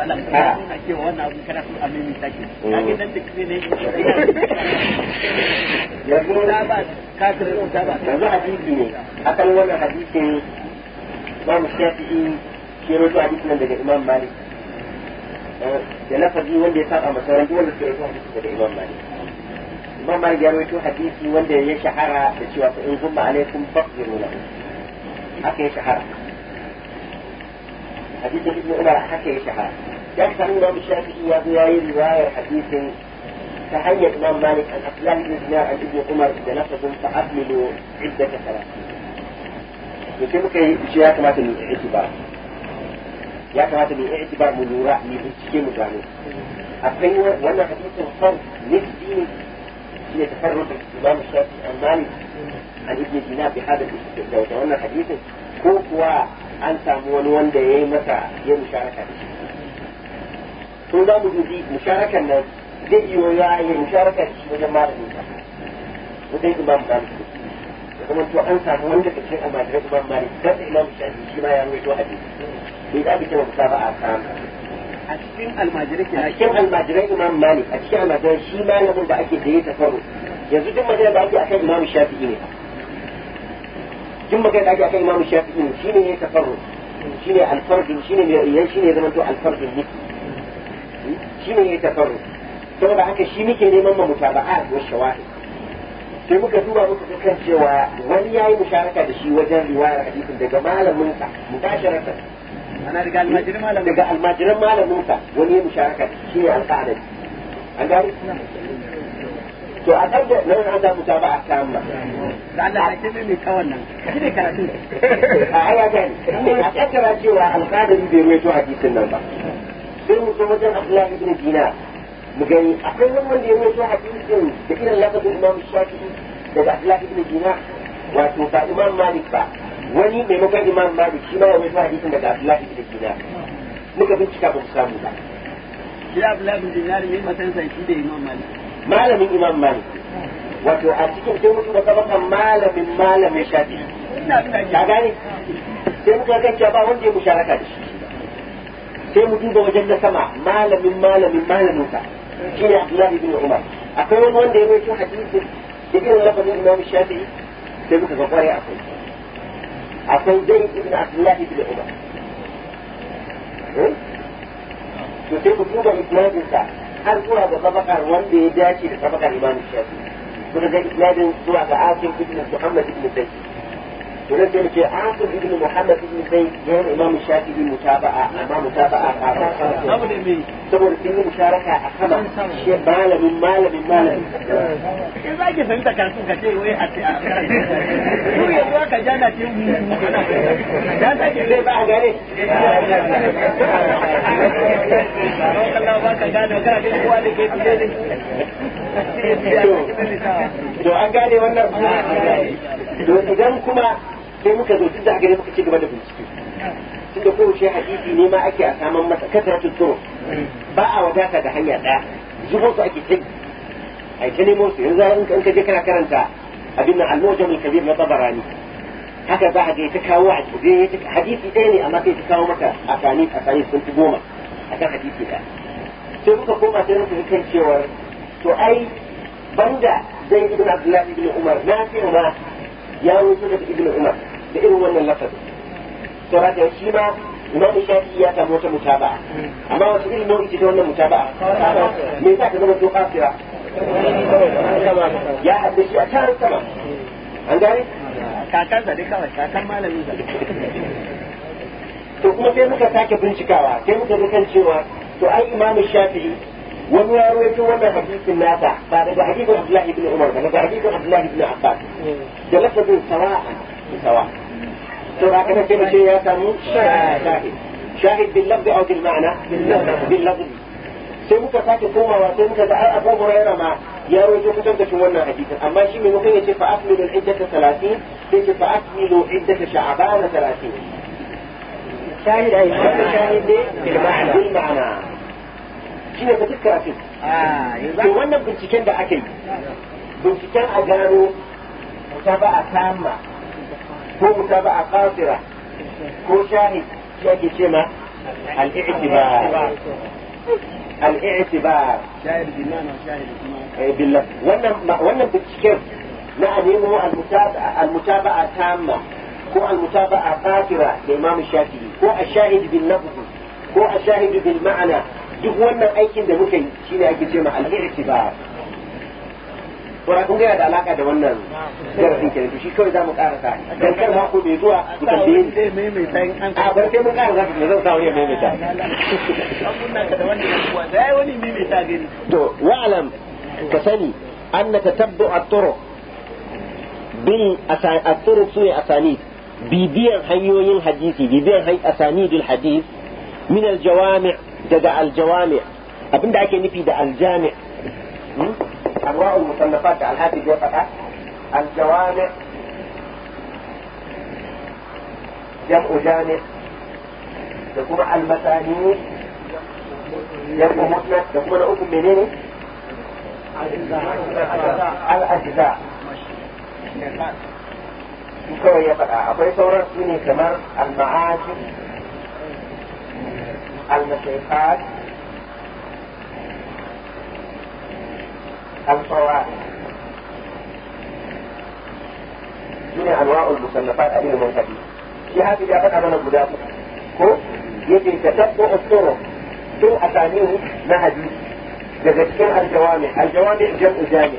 yanzu na ba kafirin ta ba yanzu hadisi ne akan wannan hadisin imam shafi'i ke rojo hadisin nan daga imam malik eh, da lafazi wanda ya saba masa wanda wanda daga imam malik imam malik ya rojo hadisi wanda ya shahara da cewa in gumma alaikum faqdiru haka ya shahara حديث ابن عمر حكى شحاة يقتلون بالشافعية بغير رواية حديث تحيى الإمام مالك أن أقلال الإجماع عن ابن عمر بلفظ فأقللوا عدة ثلاث يمكنك شيء كما اعتبار يا كما اعتبار من وراء من الشيء مجاني أقوى وأنا حديث الفرد نفسي هي تفرد الإمام الشافعي عن مالك عن ابن دينار بهذا لو وأنا حديث كوكوا an samu wani wanda ya yi masa ya musharaka da shi to za mu dubi musharakan nan zai iya ya yi musharaka da shi wajen mara ne ka wajen imam malik da kuma to an samu wanda ka ce a madarar imam malik dan da imam shafi shi ma ya rubuto hadi. bai da abin da ba a samu a cikin almajirai ke a cikin almajirai imam malik a cikin almajirai shi malamin da ake da ya tafarru yanzu duk magana da ake akan imam shafi'i ne ثم قال أجي أكي إمام الشافعي من شين هي تفرج من شين هي الفرج من شين هي شين هي زمان تقول الفرج المثل شين هي تفرج ثم بعد كده شين كده إمام متابعات والشواهد ثم كده هو هو كده كان شوا ولي أي مشاركة بشي وجن رواية حديث ده جمال المنفع مباشرة أنا رجال المجرم على رجال المجرم على المنفع ولي مشاركة شين القاعدة أنا نعم. تو أتبدأ لو أنا عندها متابعة كاملة da Allah [laughs] ya kebe mai kawan nan ne karatu a aya gani a kaddara cewa alƙadari bai ruwaito hadisin nan ba sai mu zo wajen Abdullahi ibn Dina mu gani akwai wani wanda ya ruwaito hadisin da irin lafazin Imam Shafi'i daga Abdullahi ibn Dina wato ba Imam Malik ba wani maimakon Imam Malik shi ma ya ruwaito hadisin daga Abdullahi ibn Dina muka bincika ba mu samu ba shi Abdullahi ibn Dina ne matsayin sai shi da Imam Malik malamin Imam Malik wato a cikin sai mutu da sabakan malamin malamin shafi ka gani sai muka kankiya ba wanda ya musharaka da shi sai mu duba wajen na sama malamin malamin malamin sa shi ne Abdullahi ibn Umar akwai wani wanda ya rawaito hadisin da irin lafazin Imam shafi sai muka ga kwarai akwai akwai dai ibn Abdullahi ibn Umar eh? to sai ku duba isnadin sa har zuwa ga tabakar wanda ya dace da tabakar Imam Shafi'i daga isnadin zuwa ga asim ibn muhammad ibn zaid kenan sai ce Asim ibn Muhammad ibn Zaid yayin Imam Shafi'i mutaba'a amma mutaba'a a saboda me saboda sun yi musharaka a sama shi malamin malamin malamin in za ki fahimta ka ce wai a ce a ku ya ruwa ka jana ce mu dan ta ke zai ba a gare Allah ba ka gane kana da kowa da ke fiye ne to an gane wannan to idan kuma كي ممكن تقول تبدأ حاجة ممكن تيجي بدل المسكين سند كل شيء حديثي نما أكي أسامة مت كثرة الطرق بقى وداك ده حياة ده زبون صعب تيجي أي تاني مرسي إذا أنك أنك ذكر كرنا تا أبينا على الموجم الكبير ما طبراني هكا بعد يتكاوى وجيتك حديثي تاني أما كي تكاوى مت أساني أساني سنت بومة هذا حديثي ده سيبوك بومة تاني في كل شيء ور تو أي بندا زي ابن عبد الله ابن عمر ناسي وما يا وجود ابن عمر da irin wannan lafazin saboda da shi ma imamu shafi ya samu wata mutaba'a amma wasu irin nau'i ce ta wannan mutaba'a me yasa ka zama to kafira ya haddace a tarin sama an gane kakansa dai kawai kakan malamin sa to kuma sai muka sake bincikawa sai muka ga kan cewa to ai imamu shafi'i wani ya rawaito wannan hadisin nasa ba daga hadisin abdullahi ibn umar ba daga hadisin abdullahi ibn abbas da lafazin sawa'an سواء ثم أقول يا مشيئة شاهد شاهد باللفظ أو بالمعنى باللفظ سيمو كفاك كوما وسيمو كذا أبو مريرا ما يارو جو كتن تشوانا حديثا أما شي من مخيني شفا أكمل العدة ثلاثين شفا أكمل عدة شعبان ثلاثين شاهد أي شاهد شاهد بالمعنى بالمعنى شنو بتذكر فيه؟ آه يبقى شو وانا بنتكلم ده أكل بنتكلم أجارو مسابقة تامة متابعة قاصرة كوشاني شاكي شما الاعتبار الاعتبار شاهد إيه، بالله وشاهد بالله وانا بتشكر نعم نعني هو المتابعة المتابعة تامة كو المتابعة قاصرة لإمام الشافعي كو الشاهد باللفظ كو الشاهد بالمعنى duk wannan aikin da muka yi shine ake الاعتبار saura kun yana da alaka da wannan darasin kenan to shi kawai za mu ƙara karasa dan kar ma ko bai zuwa mu tambaye ni sai mai mai sai an a bar sai mun karasa to zan sa wani mai mai ta abunna [laughs] ka da wannan kuwa sai wani mai mai ta gani to wa'alam ka sani anna tatabbu a turuq bin at-turuq su ne asani bibiyan hanyoyin hadisi bibiyan asanidul hadis min aljawami daga aljawami jawami abinda ake nufi da aljami. أنواع المصنفات على هذه الورقة الجوامع جمع جامع تكون المسانيد جمع مسند تكون أكم منين الأجزاء kawai ya faɗa akwai sauran كمان المعاجم kamar القواعد شنو أنواع المصنفات أبي المنتجين في هذه الإجابة أمام البداية ko yake tatabbu usuru tun asani na hadisi daga cikin aljawami aljawami jam'u jami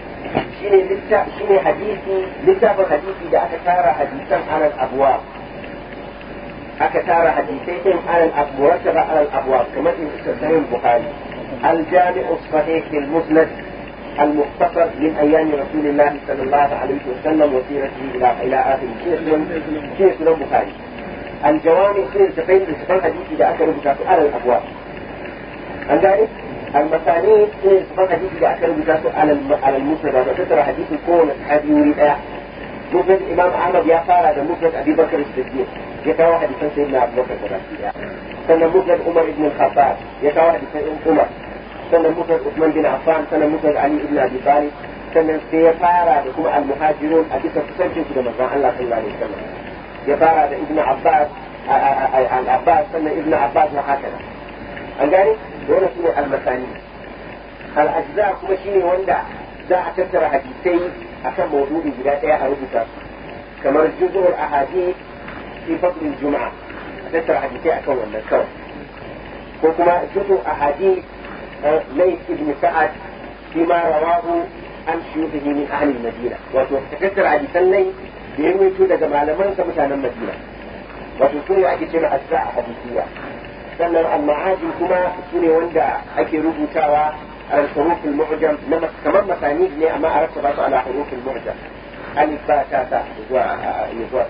shine litta shine hadisi littafin da aka tara hadisan alal abwa aka tara hadisai din alal abwa rattaba alal kamar in sahih bukhari الجامع الصحيح المسند المختصر من أيام رسول الله صلى الله عليه وسلم وسيرته إلى إلى آخر سيرة سيرة البخاري الجوامع سيرة بين سبع حديث إذا أكلوا بكافر على الأبواب عن ذلك المسانيد سيرة سبع حديث إذا أكلوا بكافر على على المسند وتترى حديث الكون الحادي يريد مفرد الإمام أحمد يا فارد مفرد أبي بكر الصديق يتوى حديثا سيدنا أبو بكر الصديق سنة مفرد عمر بن الخطاب يتوى حديثا عمر سنة مفرد أثمان بن عفان سنة مفرد علي بن أبي طالب سنة سيفارة بكم المهاجرون أكيد تسجل كده مرة الله صلى الله عليه وسلم يفارة ابن عباس العباس آه، آه، آه، سنة ابن عباس وحكذا أنجاني دولة سنة المثاني الأجزاء كمشيني وندع دا أكثر حديثين أكثر موضوع إجراءات إيه يا أربطة كما الجزء الأحاديث في فضل الجمعة أكثر حديثين أكثر من كم وكما جزء أحاديث ليس بن سعد فيما رواه عن شيوخه من أهل المدينة وتكسر على سنين بهم daga malaman sa mutanen Madina wato su ne ake cewa asra a hadisiya sannan al-ma'ajin kuma su ne wanda على الحروف المعجم لما كمان مسانيد ليه ما عرفت بس على حروف المعجم ألف باء تاء تاء يزوا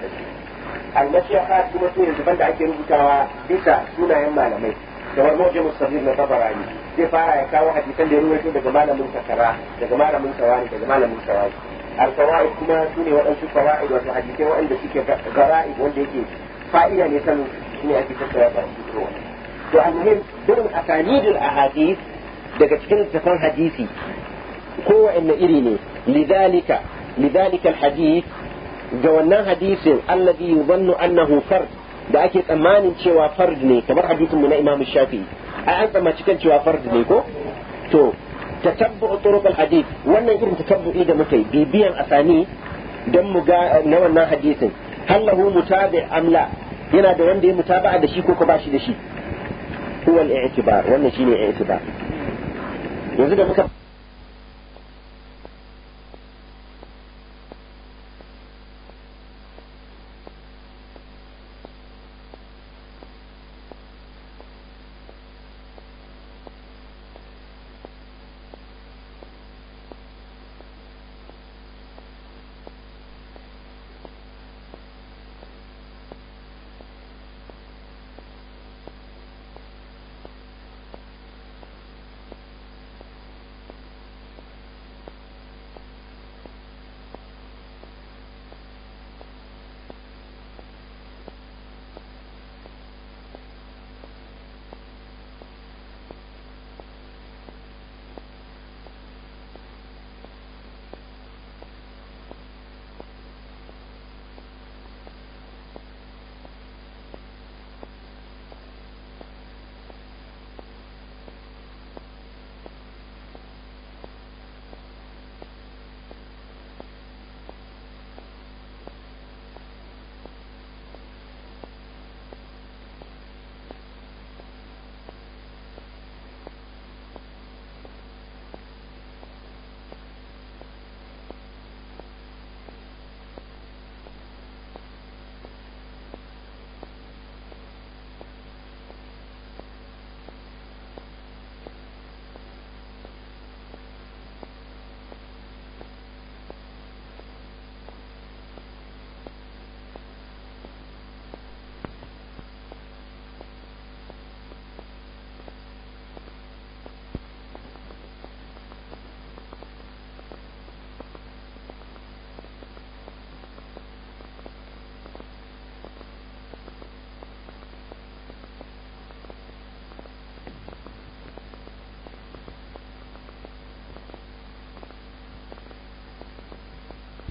المشيخات كما سنة زبان دا أكي ربطا بيسا سنة يما لمي kamar mawjin sahih na tabara ne zai fara ya kawo hadisan da ya ruwaito daga malamin sa daga malamin sa daga malamin sa al-fawaid kuma sune waɗansu fawaid wato hadisai waɗanda suke gara'i wanda yake fa'ida ne sanin shine ake tattara ta cikin to al-muhim dukkan asanidul ahadith daga cikin littafan hadisi ko kowanne iri ne lidalika lidalika al-hadith ga wannan hadisin alladhi yubannu annahu fard da ake tsammanin cewa fard ne kamar hadisin mu na Imam Shafi'i ai an tsammaci kan cewa fard ne ko to tatabbu'u turuq al-hadith wannan irin tatabbu'i da muke bibiyan asani dan mu ga eh, na wannan hadisin lahu mutabi' amla yana da wanda ya mutaba'a da shi ko ko bashi da shi huwa al-i'tibar wannan shine i'tibar yanzu da muka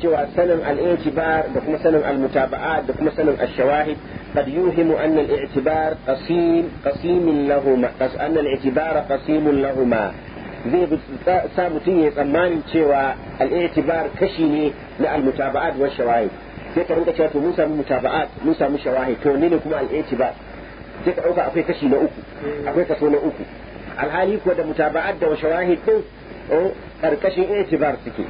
سوى سلم الاعتبار بكم سلم المتابعات بكم سلم الشواهد قد يوهم أن الاعتبار قسيم قسيم لهما أن الاعتبار قسيم لهما ذي سابتيني سمان سوى الاعتبار كشيني للمتابعات والشواهد ذكر أنك شاهدت موسى المتابعات موسى من الشواهد تونين كما الاعتبار ذكر أوقع أفيت كشينا أكو أفيت كشينا أكو الحالي كودا متابعات والشواهد أو أركشي اعتبار سكي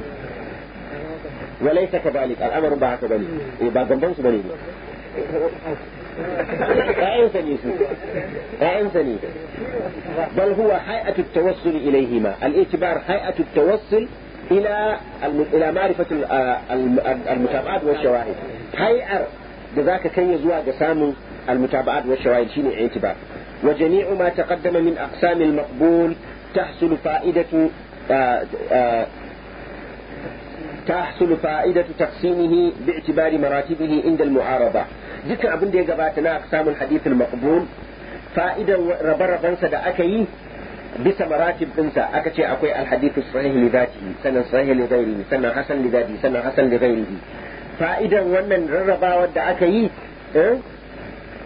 وليس كذلك الأمر باع كذلك يبقى جنبهم سبنين أعنسني أعنسني بل هو حيئة التوصل إليهما الاعتبار حيئة التوصل إلى إلى معرفة آه، المتابعات والشواهد هيئة ذاك كي يزوى قسام المتابعات والشواهد شين اعتبار وجميع ما تقدم من أقسام المقبول تحصل فائدة آه، آه، تحصل فائدة تقسيمه باعتبار مراتبه عند المعارضة ذكر أبن دي قباتنا أقسام الحديث المقبول فائدة ربر بنسى دا أكي بس مراتب انسى أكتي أقوي الحديث الصحيح لذاته سنة صحيح لغيره سنة حسن لذاته سنة حسن لغيره فائدة ومن ربا ود أكي أه؟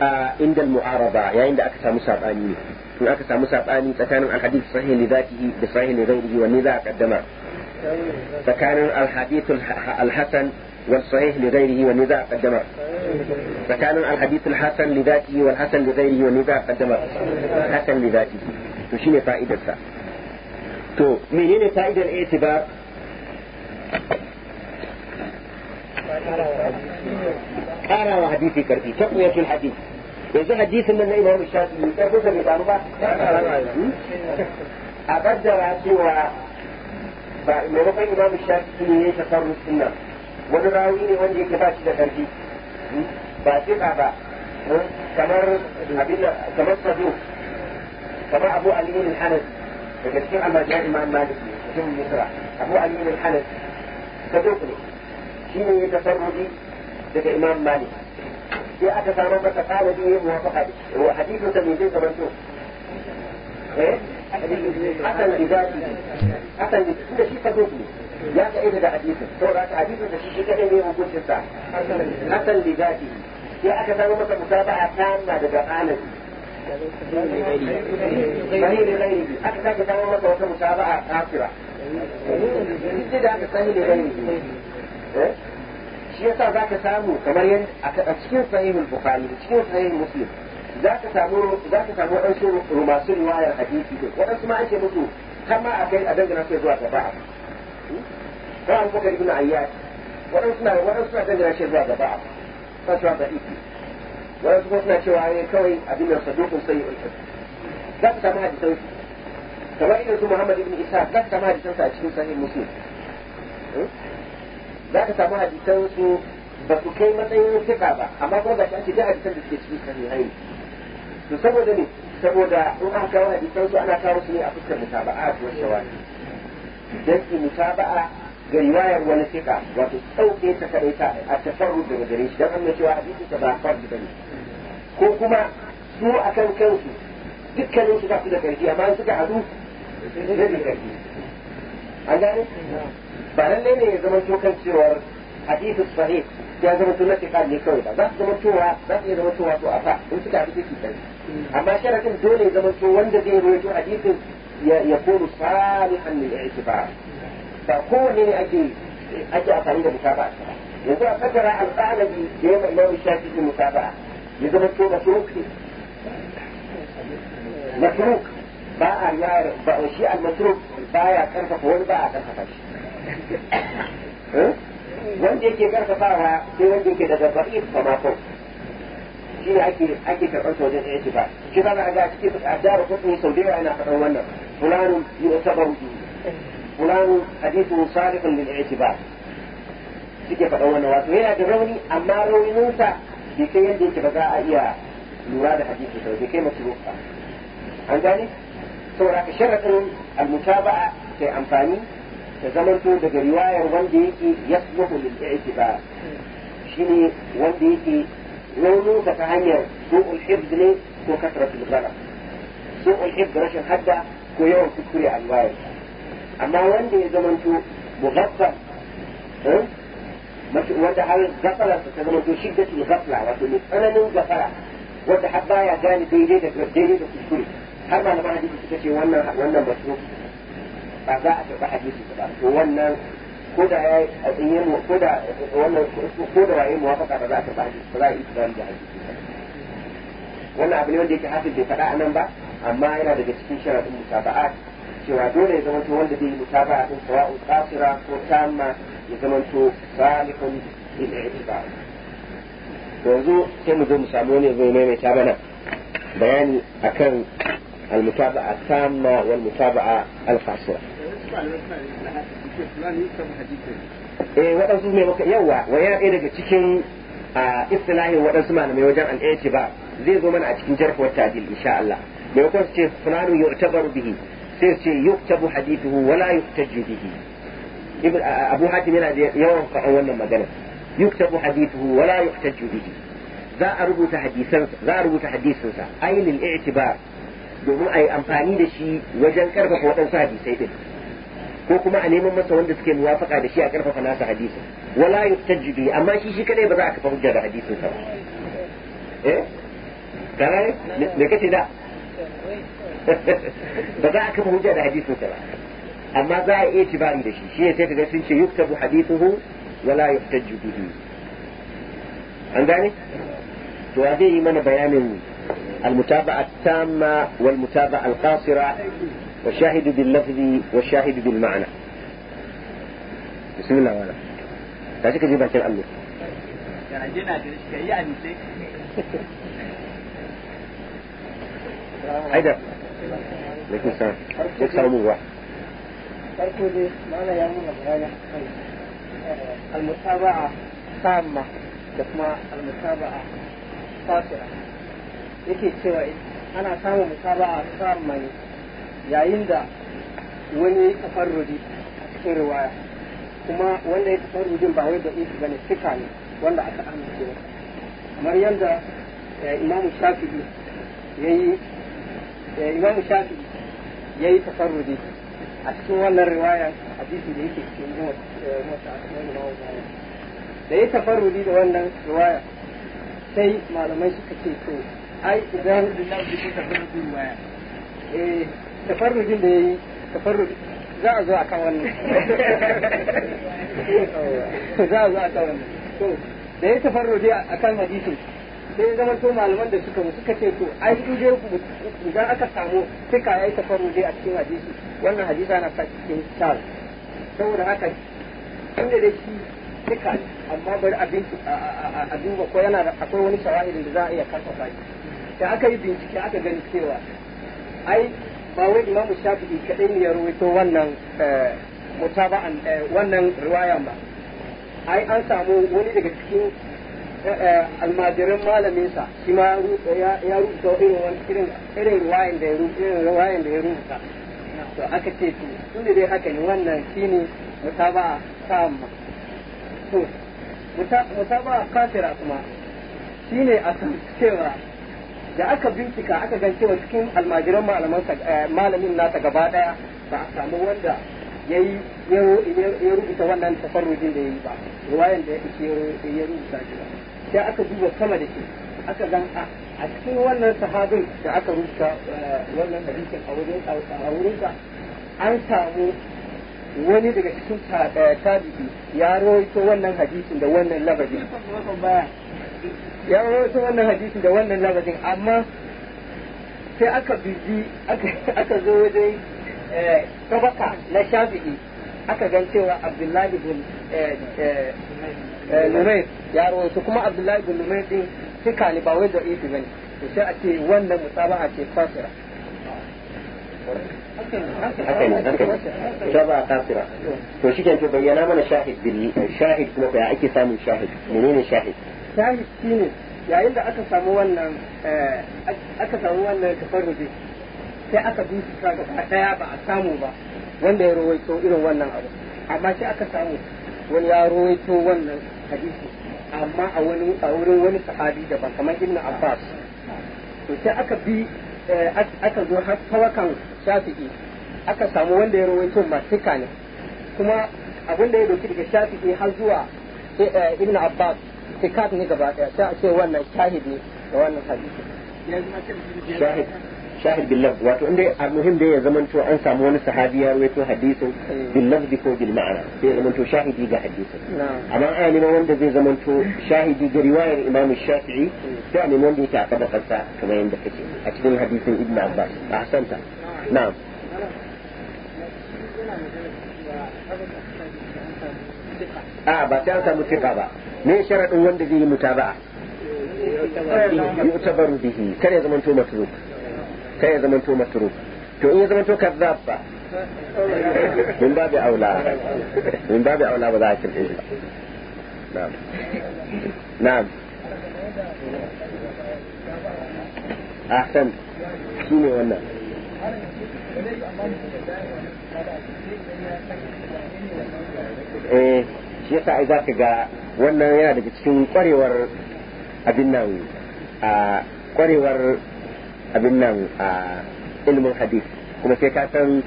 آه عند المعارضة يعني عند أكسى مسابقاني in aka samu sabani tsakanin alhadith sahih li zatihi da sahih li ghairihi wanne za a kaddama فكان الحديث الحسن والصحيح لغيره والنذاء قدما فكان الحديث الحسن لذاته والحسن لغيره والنذاء قدما حسن لذاته تشيني فائدة سا تو من هنا فائدة الاعتبار قارا وحديثي كرتي تقوية الحديث يزا حديث من الإمام الشافعي يقول لك أنا بقى أبدل أسوأ فما وقع إمام الشافعي هي تصرف السنة ونراويه هو اللي كفاش ذكر فيه بعد تبع بعد كمر أبينا كمر صدوق كما أبو علي بن الحنس فكتير أما جاء إمام مالك يسمى مصرع أبو علي بن الحنس صدوقني شنو هي تصرفي ذكر إمام مالك في أحد تصرفات قال به موافقة وحديثه تميزين كما نشوف حسن حسن حسن حسن حسن حسن يا سيدنا حديث صورة حديث نشيش كذا يوم كل ساعة حسن لذاته يا أكثر يوم كمتابعة كان ما دعانا غير غير أكثر كثر يوم كمتابعة آخرة جدا كثر لغير شيء صار ذاك سامو كمان أكثر صحيح البخاري كثير صحيح مسلم za ka samu za ka samu waɗansu masu riwayar hadisi to waɗansu ma ake musu har ma a a dangana sai zuwa gaba'a ba an kuka ibn ayyad waɗansu suna waɗansu na dangana shi zuwa gaba'a ba zuwa ga iki waɗansu kuma suna cewa ne kawai abin da sadukun sai ulfa za ka samu hadisan kamar irin su muhammad ibn isa za ka samu hadisan sa a cikin sahih muslim za ka samu hadisan su ba su kai matsayin fika ba amma kuma ga shi ake da hadisan da suke cikin sahihai to saboda ne saboda in an kawo hadisan su ana kawo su ne a fuskar mutaba'a ko shawari dan ki mutaba'a ga riwayar wani sika wato sauke ta kadai ta a tafarru daga gare shi dan amma cewa hadisin ta ba farji bane ko kuma su akan kansu dukkanin su ba su da karfi amma suka hadu sai da karfi an gane ba lalle ne ya zama tokancewar kan cewar حديث صحيح يا زمن تونا تكاد نكوي لا بس زمن توا بس يا زمن توا توا فا أنت كاد تيجي تكاد أما شر كن دولة زمن توا وند كي روي تو حديث ي يكون صالحا للاعتبار فقول لي أجي أجي أفعل المتابعة يقول أفجر على القاعدة دي يوم الإمام الشافعي المتابعة يا زمن توا مكروك مكروك باع يا باع شيء باع كرفة وين باع كرفة wanda yake karfafawa sai wanda yake da kama ko. shi ne ake ake karɓar wajen ɗaya ce ba shi ba a ga cikin addaru kuɗi sau da yawa ina faɗan wannan fulanun yu'tabaru fulanun salifin da ɗaya i'tibar suke faɗan wannan wato yana da rauni amma rauninsa bai kai yadda yake ba za a iya lura da hadisi sau bai kai mace ba an gani saboda ka sharaɗin almutaba'a sai amfani ta to daga riwayar wanda yake yasluhu lil i'tibar shine wanda yake raunin da ta hanyar su'ul hifz ne ko fil ghalab su'ul hifz rashin hadda ko yawan kuskure a riwayar amma wanda ya to mughaffal eh, wanda har gafara ta shi shiddatul gafara wato mai tsananin gafara wanda har baya gane daidai da daidai da kuskure har ba hadisi suka ce wannan wannan masu ba za a karɓi hadisi ba to wannan ko da ya yi ko da wannan ko da waye muwafaka ba za a karɓi hadisi ba za a yi ikirari da hadisi wannan abu ne wanda yake hafiz bai faɗa anan ba amma yana daga cikin sharaɗin musaba'at cewa dole ya zamanto wanda zai yi musaba'a din sawa'un qasira ko tamma ya zamanto salihun bil i'tibar yanzu sai mu zo mu samu wani zai maimaita mana bayani akan al-mutaba'a tamma wal mutaba'a al-qasira eh waɗansu ne maka yawa wa yana ɗaya daga cikin a istilahin waɗansu malamai wajen al'ayyaci ba zai zo mana a cikin jarfuwar tadil insha Allah maimakon su ce fulanu yu'tabaru bihi sai ce yuktabu hadithuhu wala yuhtaju bihi abu hatim yana da yawan faɗan wannan magana yuktabu hadithuhu wala yuhtaju bihi za a rubuta hadisan za a rubuta hadisinsa ainihin i'tibar domin a yi amfani da shi wajen karfafa waɗansu hadisai din ko kuma a neman masa wanda suke muwafaka da shi a karfafa nasa hadisi wala yuhtajju bi amma shi shi kadai ba za a kafa hujja da hadisin sa ba eh kare me kace da ba za a kafa hujja da hadisin sa ba amma za a yi tibari da shi shi ne sai kaga sun ce yuktabu hadithuhu wala yuhtajju bihi an gane to a zai yi mana bayanin المتابعة التامة والمتابعة القاصرة والشاهد باللفظ والشاهد بالمعنى بسم الله وعلا وانا تعالى كذي باكر الله هيدا لكن سام لك سلام الله فرقوا لي معنى يا مولى المتابعة تامة كما المتابعة قاطعة لكي سوى إيه؟ أنا سامو متابعة تامة yayin da wani ya yi tafarrudi a cikin riwaya kuma wanda ya tafarrudin ba wai da ishi bane sika ne wanda aka amince masa kamar yadda eh, imamu shafi'i ya yi eh, imamu shafi'i ya yi tafarrudi a cikin wannan riwaya hadisi da yake cikin mota a cikin imamu shafi'i da ya tafarrudi da wannan riwaya sai malamai suka ce to ai idan da tafarrudin riwaya eh tafarrujin da yayi tafarruj za a zo a kan wannan [laughs] za a zo kan wannan da ya tafarruji kan hadisin sai zama to malaman da suka suka ce to ai ku idan aka samu fika yayi tafarruji a cikin hadisi wannan hadisi na sa cikin sal saboda haka tunda da shi suka amma bari a a duba ko yana akwai wani shawahidin da za a iya karfafa shi da aka yi bincike aka gani cewa ai bawai ma imamu shafi'i kadai ne ya rawaito wannan eh, mutaba'an eh, wannan riwayan ba ai an samu wani daga cikin eh, almajirin sa shi ma ya rubuta irin wani irin riwayan da ya rubuta to aka ce to tunda dai haka ne wannan shine mutaba'a ta to mutaba'a kafira kuma shine a san cewa da aka bincika aka gan cewa cikin almajiran malaman eh, malamin nasa gaba daya ba a samu wanda ya ya rubuta wannan tafarrujin da ya yi ba ruwayan da ya rubuta shi ba sai aka duba sama da shi aka gan a a cikin wannan sahabin da aka rubuta eh, wannan hadisin a wurin ka an samu wani daga cikin eh, tabi'i ya rawaito wannan hadisin da wannan labarin ya wasu wannan hadisi da wannan labarin amma sai aka bibi aka zo wajen eh, tabaka na shafi'i aka gan cewa abdullahi bin eh, eh, numair ya rawaito kuma abdullahi bin numair din fika ne ba wai da ifi bane to sai a ce wannan a ce fasira haka ne haka ne shaba kafira to shi ke bayyana mana shahid bil shahid kuma ya ake samun shahid menene shahid shahid shine yayin da aka samu wannan eh, aka samu wannan tafarruji sai aka bi bincika gaba daya ba a samu ba wanda ya rawaito irin wannan abu amma sai aka samu wani ya rawaito wannan hadisi amma a wani a wurin wani sahabi daban kamar ibnu abbas to sai aka bi eh, aka zo har tawakan shafi'i aka samu wanda ya rawaito masika ne kuma abin da ya doki daga shafi'i har zuwa eh, ibnu abbas sikat ne gaba daya sai a ce wannan shahidi da wannan hadisi shahid shahid bil wato inda a muhim da ya zamanto an samu wani sahabi ya rawaito hadisin eh. bil lafz ko bil ma'ana sai ya zamanto shahidi ga hadisin amma a neman wanda zai zamanto shahidi ga riwayar imam shafi'i sai a neman wanda yake a kaba kansa kamar yadda kake a cikin hadisin ibn abbas a hasanta na'am a ba sai an samu tika ba me sharadin wanda zai yi mutaba'a yu'tabaru bihi kar ya zamanto matruk kar ya zamanto matruk to in ya zamanto kazzab ba min babu aula min babu aula ba za a kirkiri ba na'am na'am ahsan shi ne wannan eh shi yasa ai za ka ga wannan yana daga cikin kwarewar abin nan a kwarewar abin nan a ilimin hadith kuma sai ka san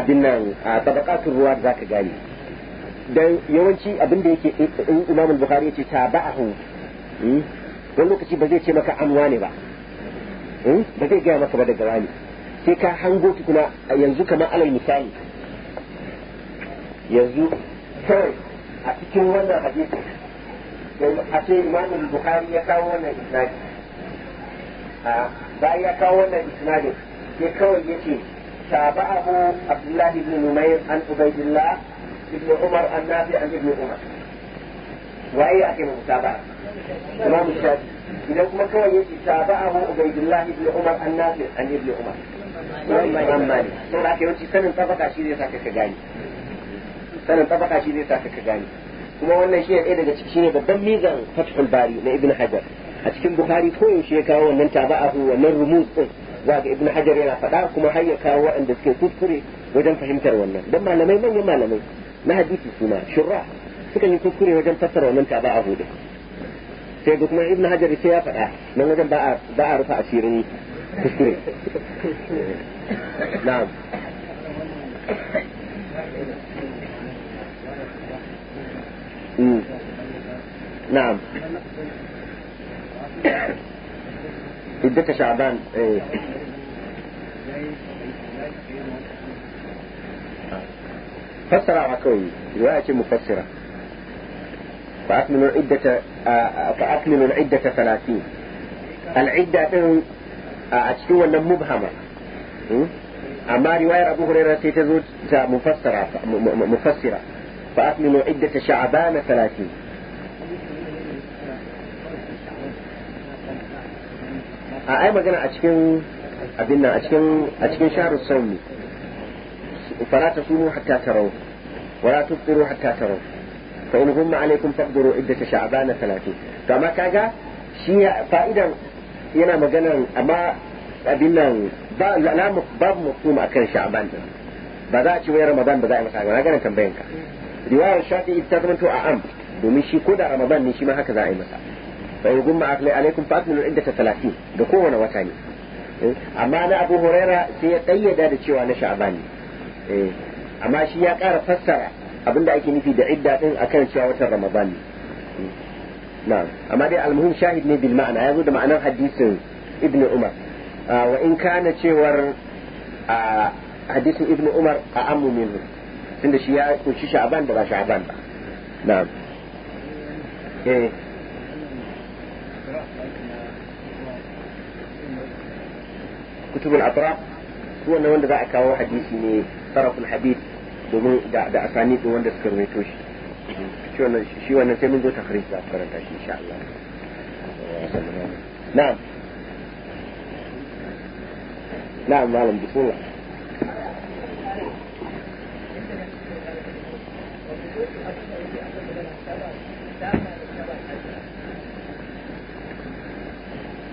abin nan a tabakatun ruwa da zaka gane don yawanci abin da yake in Imam ta bukhari yace tabahu hmm, wani lokaci ba zai ce maka an wane ba hmm, ba zai gaya maka ba daga wani sai ka hango kuma yanzu kamar alal misali yanzu kawai a cikin wannan hadisi ashe imamin Buhari ya kawo wannan isnadi ba ya kawo wannan isnadi ke kawai yake tabi abu abdullahi ibn numayir an ubaidillah ibn umar an nafi an ibn umar waye ya ake mabuta ba imam shafi idan kuma kawai yake tabi abu ubaidillah ibn umar an nafi an ibn umar imam mali saboda ake yawanci sanin tabaka shi zai sa ka gani sanin tabaka shi zai sa ka gani kuma wannan shi ne ɗaya daga ciki shi ne babban mizan fathul bari na ibn hajar a cikin bukhari ko yaushe ya kawo wannan taba'ahu wannan rumuz din za ga ibn hajar yana faɗa kuma har ya kawo waɗanda suke kuskure wajen fahimtar wannan dan malamai manyan malamai na hadisi suna shurra suka yi kuskure wajen fassara wannan taba'ahu din sai ga kuma ibn hajar sai ya faɗa nan wajen ba a rufa asirin kuskure [laughs] na'am نعم اديت شعبان ايه فسر عكوي رواية مفسرة فأكمل عدة آه، فأكمل العدة ثلاثين العدة أتنه آه، أتشتوى أن مبهمة أما رواية أبو هريرة تزوج مفسرة مفسرة فأكملوا عدة شعبان ثلاثين a ai magana a cikin abin nan a cikin a cikin sharu sauni fala tasumu hatta taraw wala tuftiru hatta taraw fa in humma alaikum faqdiru iddat sha'ban 30 to amma kaga shi fa'idan yana maganar amma abin nan ba la babu mafhum akan sha'ban din ba za a ci wai ramadan ba za a yi masa ba na ganin tambayanka riwayar shafi'i ta zama to a am domin shi ko da ramadan ne shi ma haka za a yi masa fa in gumma alaikum fa akmilu iddat talatin da kowane wata ne eh, amma na abu huraira sai ya kayyada da cewa na sha'ban ne eh, amma shi ya ƙara fassara abinda ake nufi da idda din akan cewa watan ramadan ne hmm. na'am amma dai almuhim shahid ne bil ma'ana yazo da ma'anar hadisin ibnu umar ah, wa in kana cewar ah, hadisin ibnu umar a amu minhu tunda shi ya kunshi sha'aban da ba sha'aban ba na'am eh kutubul atraf wannan wanda za a kawo hadisi ne saraful hadith domin da asani ko wanda suka rubuto shi shi wannan shi wannan sai mun zo ta za karanta shi insha Allah na'am na'am malam bismillah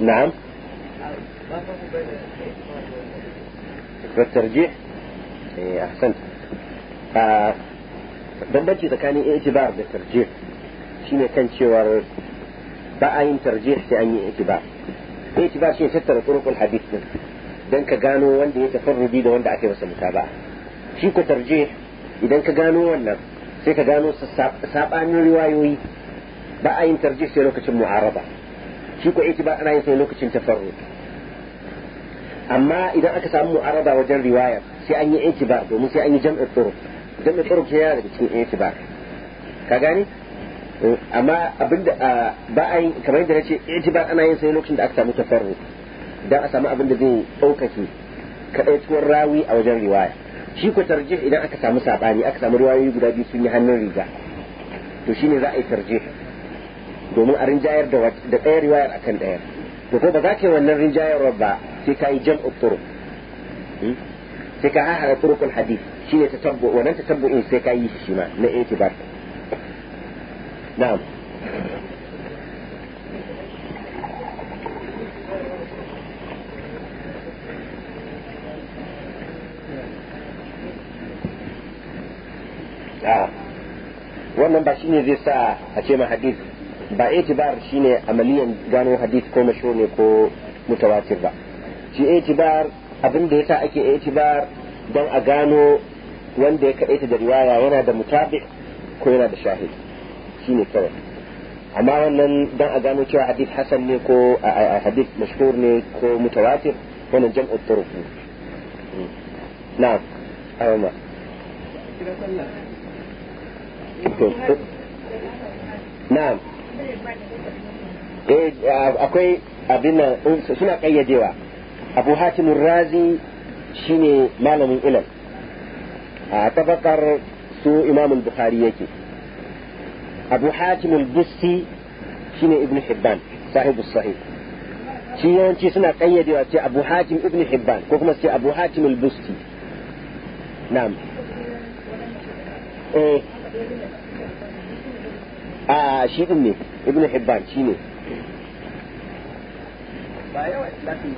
نعم والترجيح ايه احسنت bambanci tsakanin itibar da kan cewar ba a yin tarjih sai an yi itibar itibar shine tattara turukul hadith din dan ka gano wanda ya tafarrudi da wanda aka yi mutaba shi ko idan ka gano wannan sai ka gano sabanin riwayoyi ba a yin tarjih sai lokacin mu'araba shi ko ba ana yin sai lokacin tafarru amma idan aka samu mu'araba wajen riwaya sai an yi ba domin sai an yi jam'i turuq jam'i turuq sai yana daga cikin ba ka gane eh, amma abinda ba a yin kamar yadda nace ba ana yin sai lokacin da aka samu tafarru dan a samu abinda zai daukake kadaituwar rawi a wajen riwaya shi ko tarjih idan aka samu sabani aka samu riwayoyi guda biyu sun yi hannun riga to shine za a yi tarjih domin a rinjayar da ɗaya riwayar akan ɗaya to ko ba za ka yi wannan rinjayarwa ba sai ka yi jam'u turuq hmm? sai ka hahara turuqul hadith shine tatabbu wannan tatabbu'in sai ka yi shi ma na ba na'am wannan ba shine zai sa a ce ma hadith ba itibar shine amaliyan gano hadith ko mashu ne ko mutawatir ba shi itibar abin da yasa ake itibar don a gano wanda ya kaita da riwaya yana da mutabi ko yana da shahid shine kawai amma wannan don a gano cewa hadith hasan ne ko hadith mashhur ne ko mutawatir wannan jam'u turuq hmm. na'am ayyuma na'am Eh, akwai abin suna kayyadewa abu hatim razi shine malamin ilal a tabakar su imam bukhari yake abu hatim al-busti shine ibn hibban sahibu sahih shi yawanci suna kayyadewa ce abu hatim ibn hibban ko kuma ce abu hatim al-busti na'am eh. آه شيء ابن ابن حبان شيني بايو اسلاتي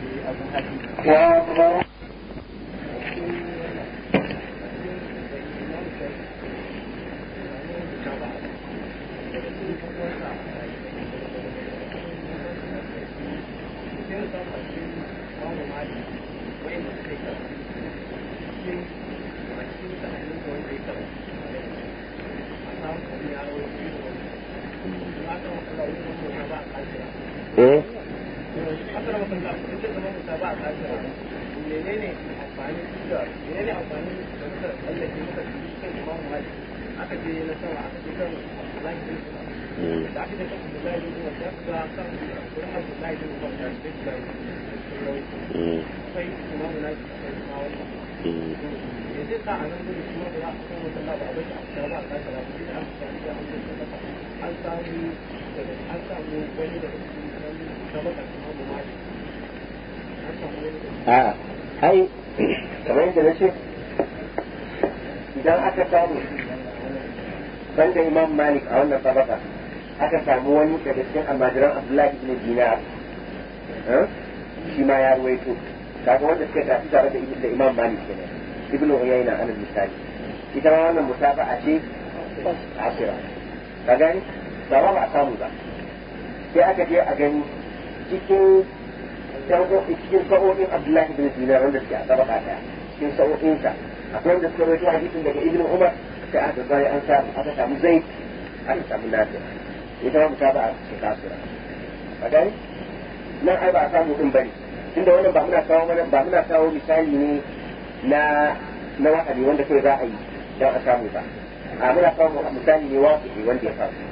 cikin almajiran abdullahi ibn dinar shi ma ya ruwaito kaga wanda suka tafi tare da ibn da imam malik ne ibn uyayna an misali ita ma wannan mutafa a ce asira ka gani ba ba a samu ba sai aka je a gani cikin cikin sa'o'in abdullahi ibn dinar wanda suke a sabaka ta cikin sa'o'in sa'o'insa akwai wanda suka rawaito hadisin daga ibn umar sai aka zai an samu aka samu zai aka samu nasir ita ba muta ba a cikin kasuwa a gani nan ai ba a samu din bane inda wannan ba muna kawo wannan ba muna kawo misali ne na na wa'adi wanda kai za a yi dan a samu ba a muna kawo misali ne waƙi wanda ya samu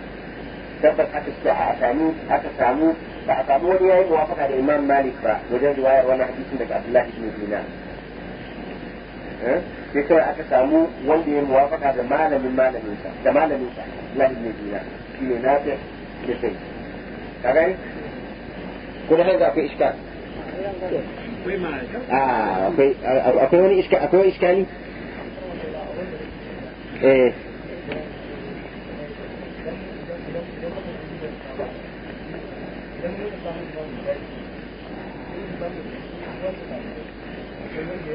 tabbas aka ce a samu aka samu ba a samu wani yayi muwafaka da Imam Malik ba wajen riwayar wannan hadisin daga Abdullahi ibn Dinar إيه؟ يسوي أكثر أمو ولي موافق هذا ما له من ما له من شيء ده ما له من شيء لا بالمدينة في نافع لشيء كمان كل هذا في إشكال في ما آه في أكوني إشكال أكو إشكالي إيه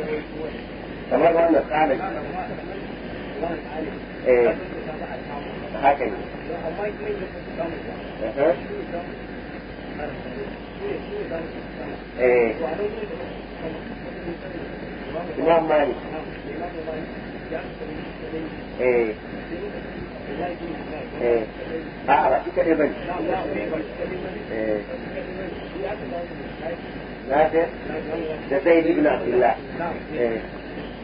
Thank you. kamar wannan eh haka ne uh-huh. eh imam eh eh ba bane eh na da sai ibn abdullah eh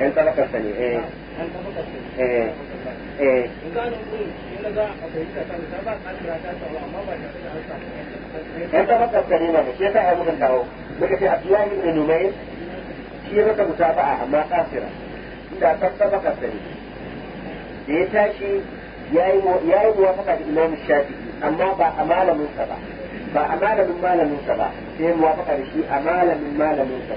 yan talakar sa ne eh eh eh yan talakar sa ne mana shi yasa ai muka kawo muka ce abdullahi ibn numayr shi ya maka mutaba'a amma kafira. inda kan talakar ne da ya tashi ya yi yayi muwafaqa da imam shafi'i amma ba a malamin sa ba ba a malamin malamin sa ba sai muwafaqa da shi a malamin malamin sa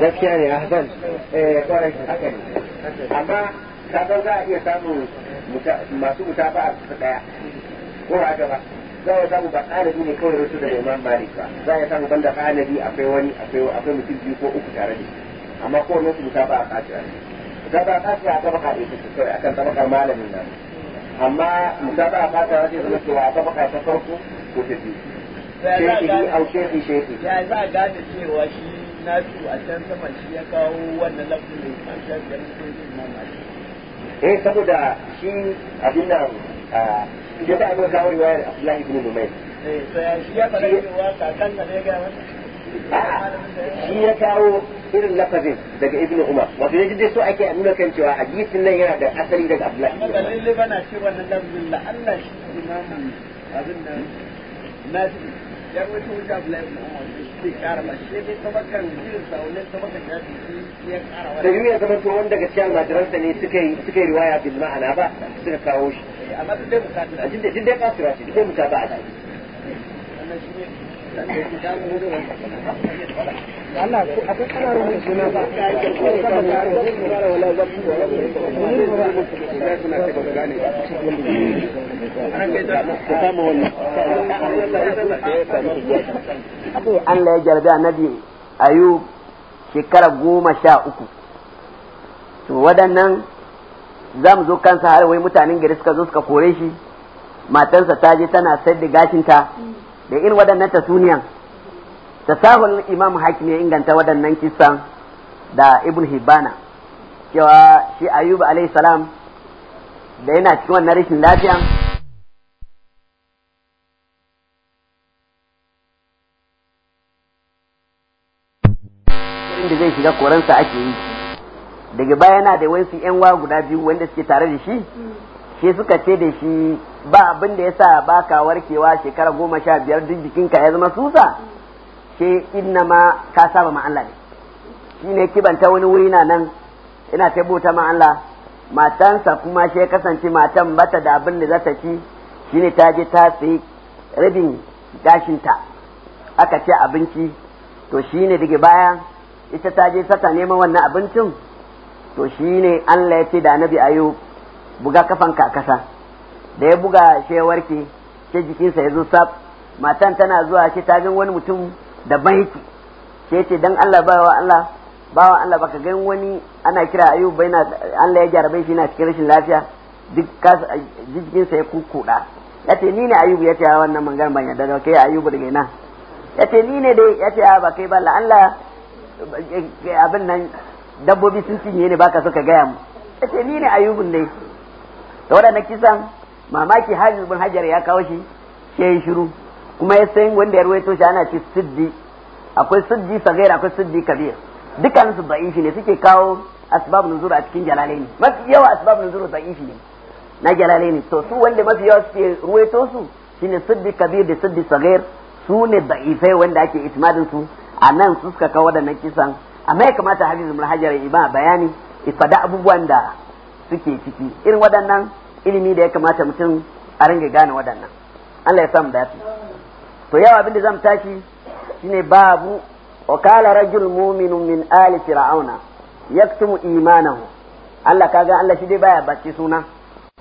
gaskiya ne ahsan eh kwarai haka ne amma kaga za a iya samun masu wuta ba a su daya ko a gaba za a samu ba ɗalibi ne kawai rasu da imam malik ba za a samu banda ɗalibi akwai wani akwai mutum biyu ko uku tare ne amma kowane su wuta ba a kasira wuta ba a kasira a tabaka da ita kawai akan tabakar malamin nan amma wuta ba a kasira wajen zama cewa a tabaka ta farko ko ta biyu shekiri au sheki sheki ya za a gane cewa shi na nasu a can saman shi ya kawo wannan lafzin da an can da mutuncin nan a eh saboda shi abin nan ya ba a ga kawo riwayar Abdullahi ibn Numayr eh shi ya fara cewa kakan da ne ga ah, shi ya kawo irin lafazin daga ibn umar wato ya dai so ake nuna kan cewa hadisin nan yana da asali daga abdullahi ibn umar ba na ce wannan lafazin la Allah shi imamu abin nan nafi yan mutum da bai karama shi bai ta bakan jin zaune ta bakan ya kara wani da duniya zaman to wanda gaskiya madrasa ne suka yi suka yi riwaya bil ma'ana ba suka kawo shi eh, amma duk dai mutata a jin dai duk dai kasuwa duk dai mutata a wannan shi Allah ko akwai na rubuta suna ya jarbi annabi shekara goma sha uku to waɗannan za mu zo kansa har wai mutanen gari suka zo suka kore shi matansa ta je tana sayar da gashinta da irin waɗannan tasuniyan tasahul imam hakim ya inganta waɗannan kisan da ibn hibana cewa shi ayuba alayhi salam da yana cikin wannan rashin lafiyan da zai shiga koransa ake yi daga baya yana da wasu yan guda biyu wanda suke tare da shi shi suka ce da shi ba abin da ba ka warkewa shekara goma sha biyar duk jikinka ya zama susa shi inna ma ka saba ma ne shi ne kibanta wani wuri na nan ina ta bota ma matansa kuma shi ya kasance matan bata da abin da zata ci shi ne ta je ta sayi rabin gashinta aka ce abinci to shi ne daga baya ita ta je sata neman wannan abincin to shi ne Allah ya ce da annabi ayo buga kafanka a kasa da ya buga shi ya warke shi jikinsa ya zo sab matan tana zuwa shi ta gan wani mutum da banki shi ce dan Allah bawa Allah bawa Allah baka gan wani ana kira ayu baina na Allah ya jarabai shi na cikin rashin lafiya duk jikinsa ya kukuda ya ce ni ne ayub ya ce wannan mangan ban yadda da kai ayub daga ina ya ce ni ne dai ya ce ba kai ba Allah eh, eh, abin nan dabbobi sun cinye ne baka so ka gaya mu ya ce ni ne ayubun dai da waɗannan kisan mamaki hajji bin hajjar ya kawo shi sai ya shiru kuma ya san wanda ya ruwaito shi ana ce siddi akwai siddi sagir akwai siddi kabir dukkan su da'ifi ne suke kawo asbab nuzur a cikin jalalaini mafi yawa asbab nuzur da'ifi ne na jalalaini to su wanda mafi yawa suke ruwaito su shine siddi kabir da siddi sagir su ne da'ifai wanda ake itmadin su a nan su suka kawo waɗannan kisan amma ya kamata hafiz mun hajjar ya ba bayani ifada abubuwan da suke ciki irin waɗannan ilimi da ya kamata mutum a ringa gane waɗannan Allah ya samu dafi to yawa abin da zan tashi shine babu wa kala rajul mu'minun min ali fir'auna yaktumu imanahu Allah kaga Allah shi dai baya bace suna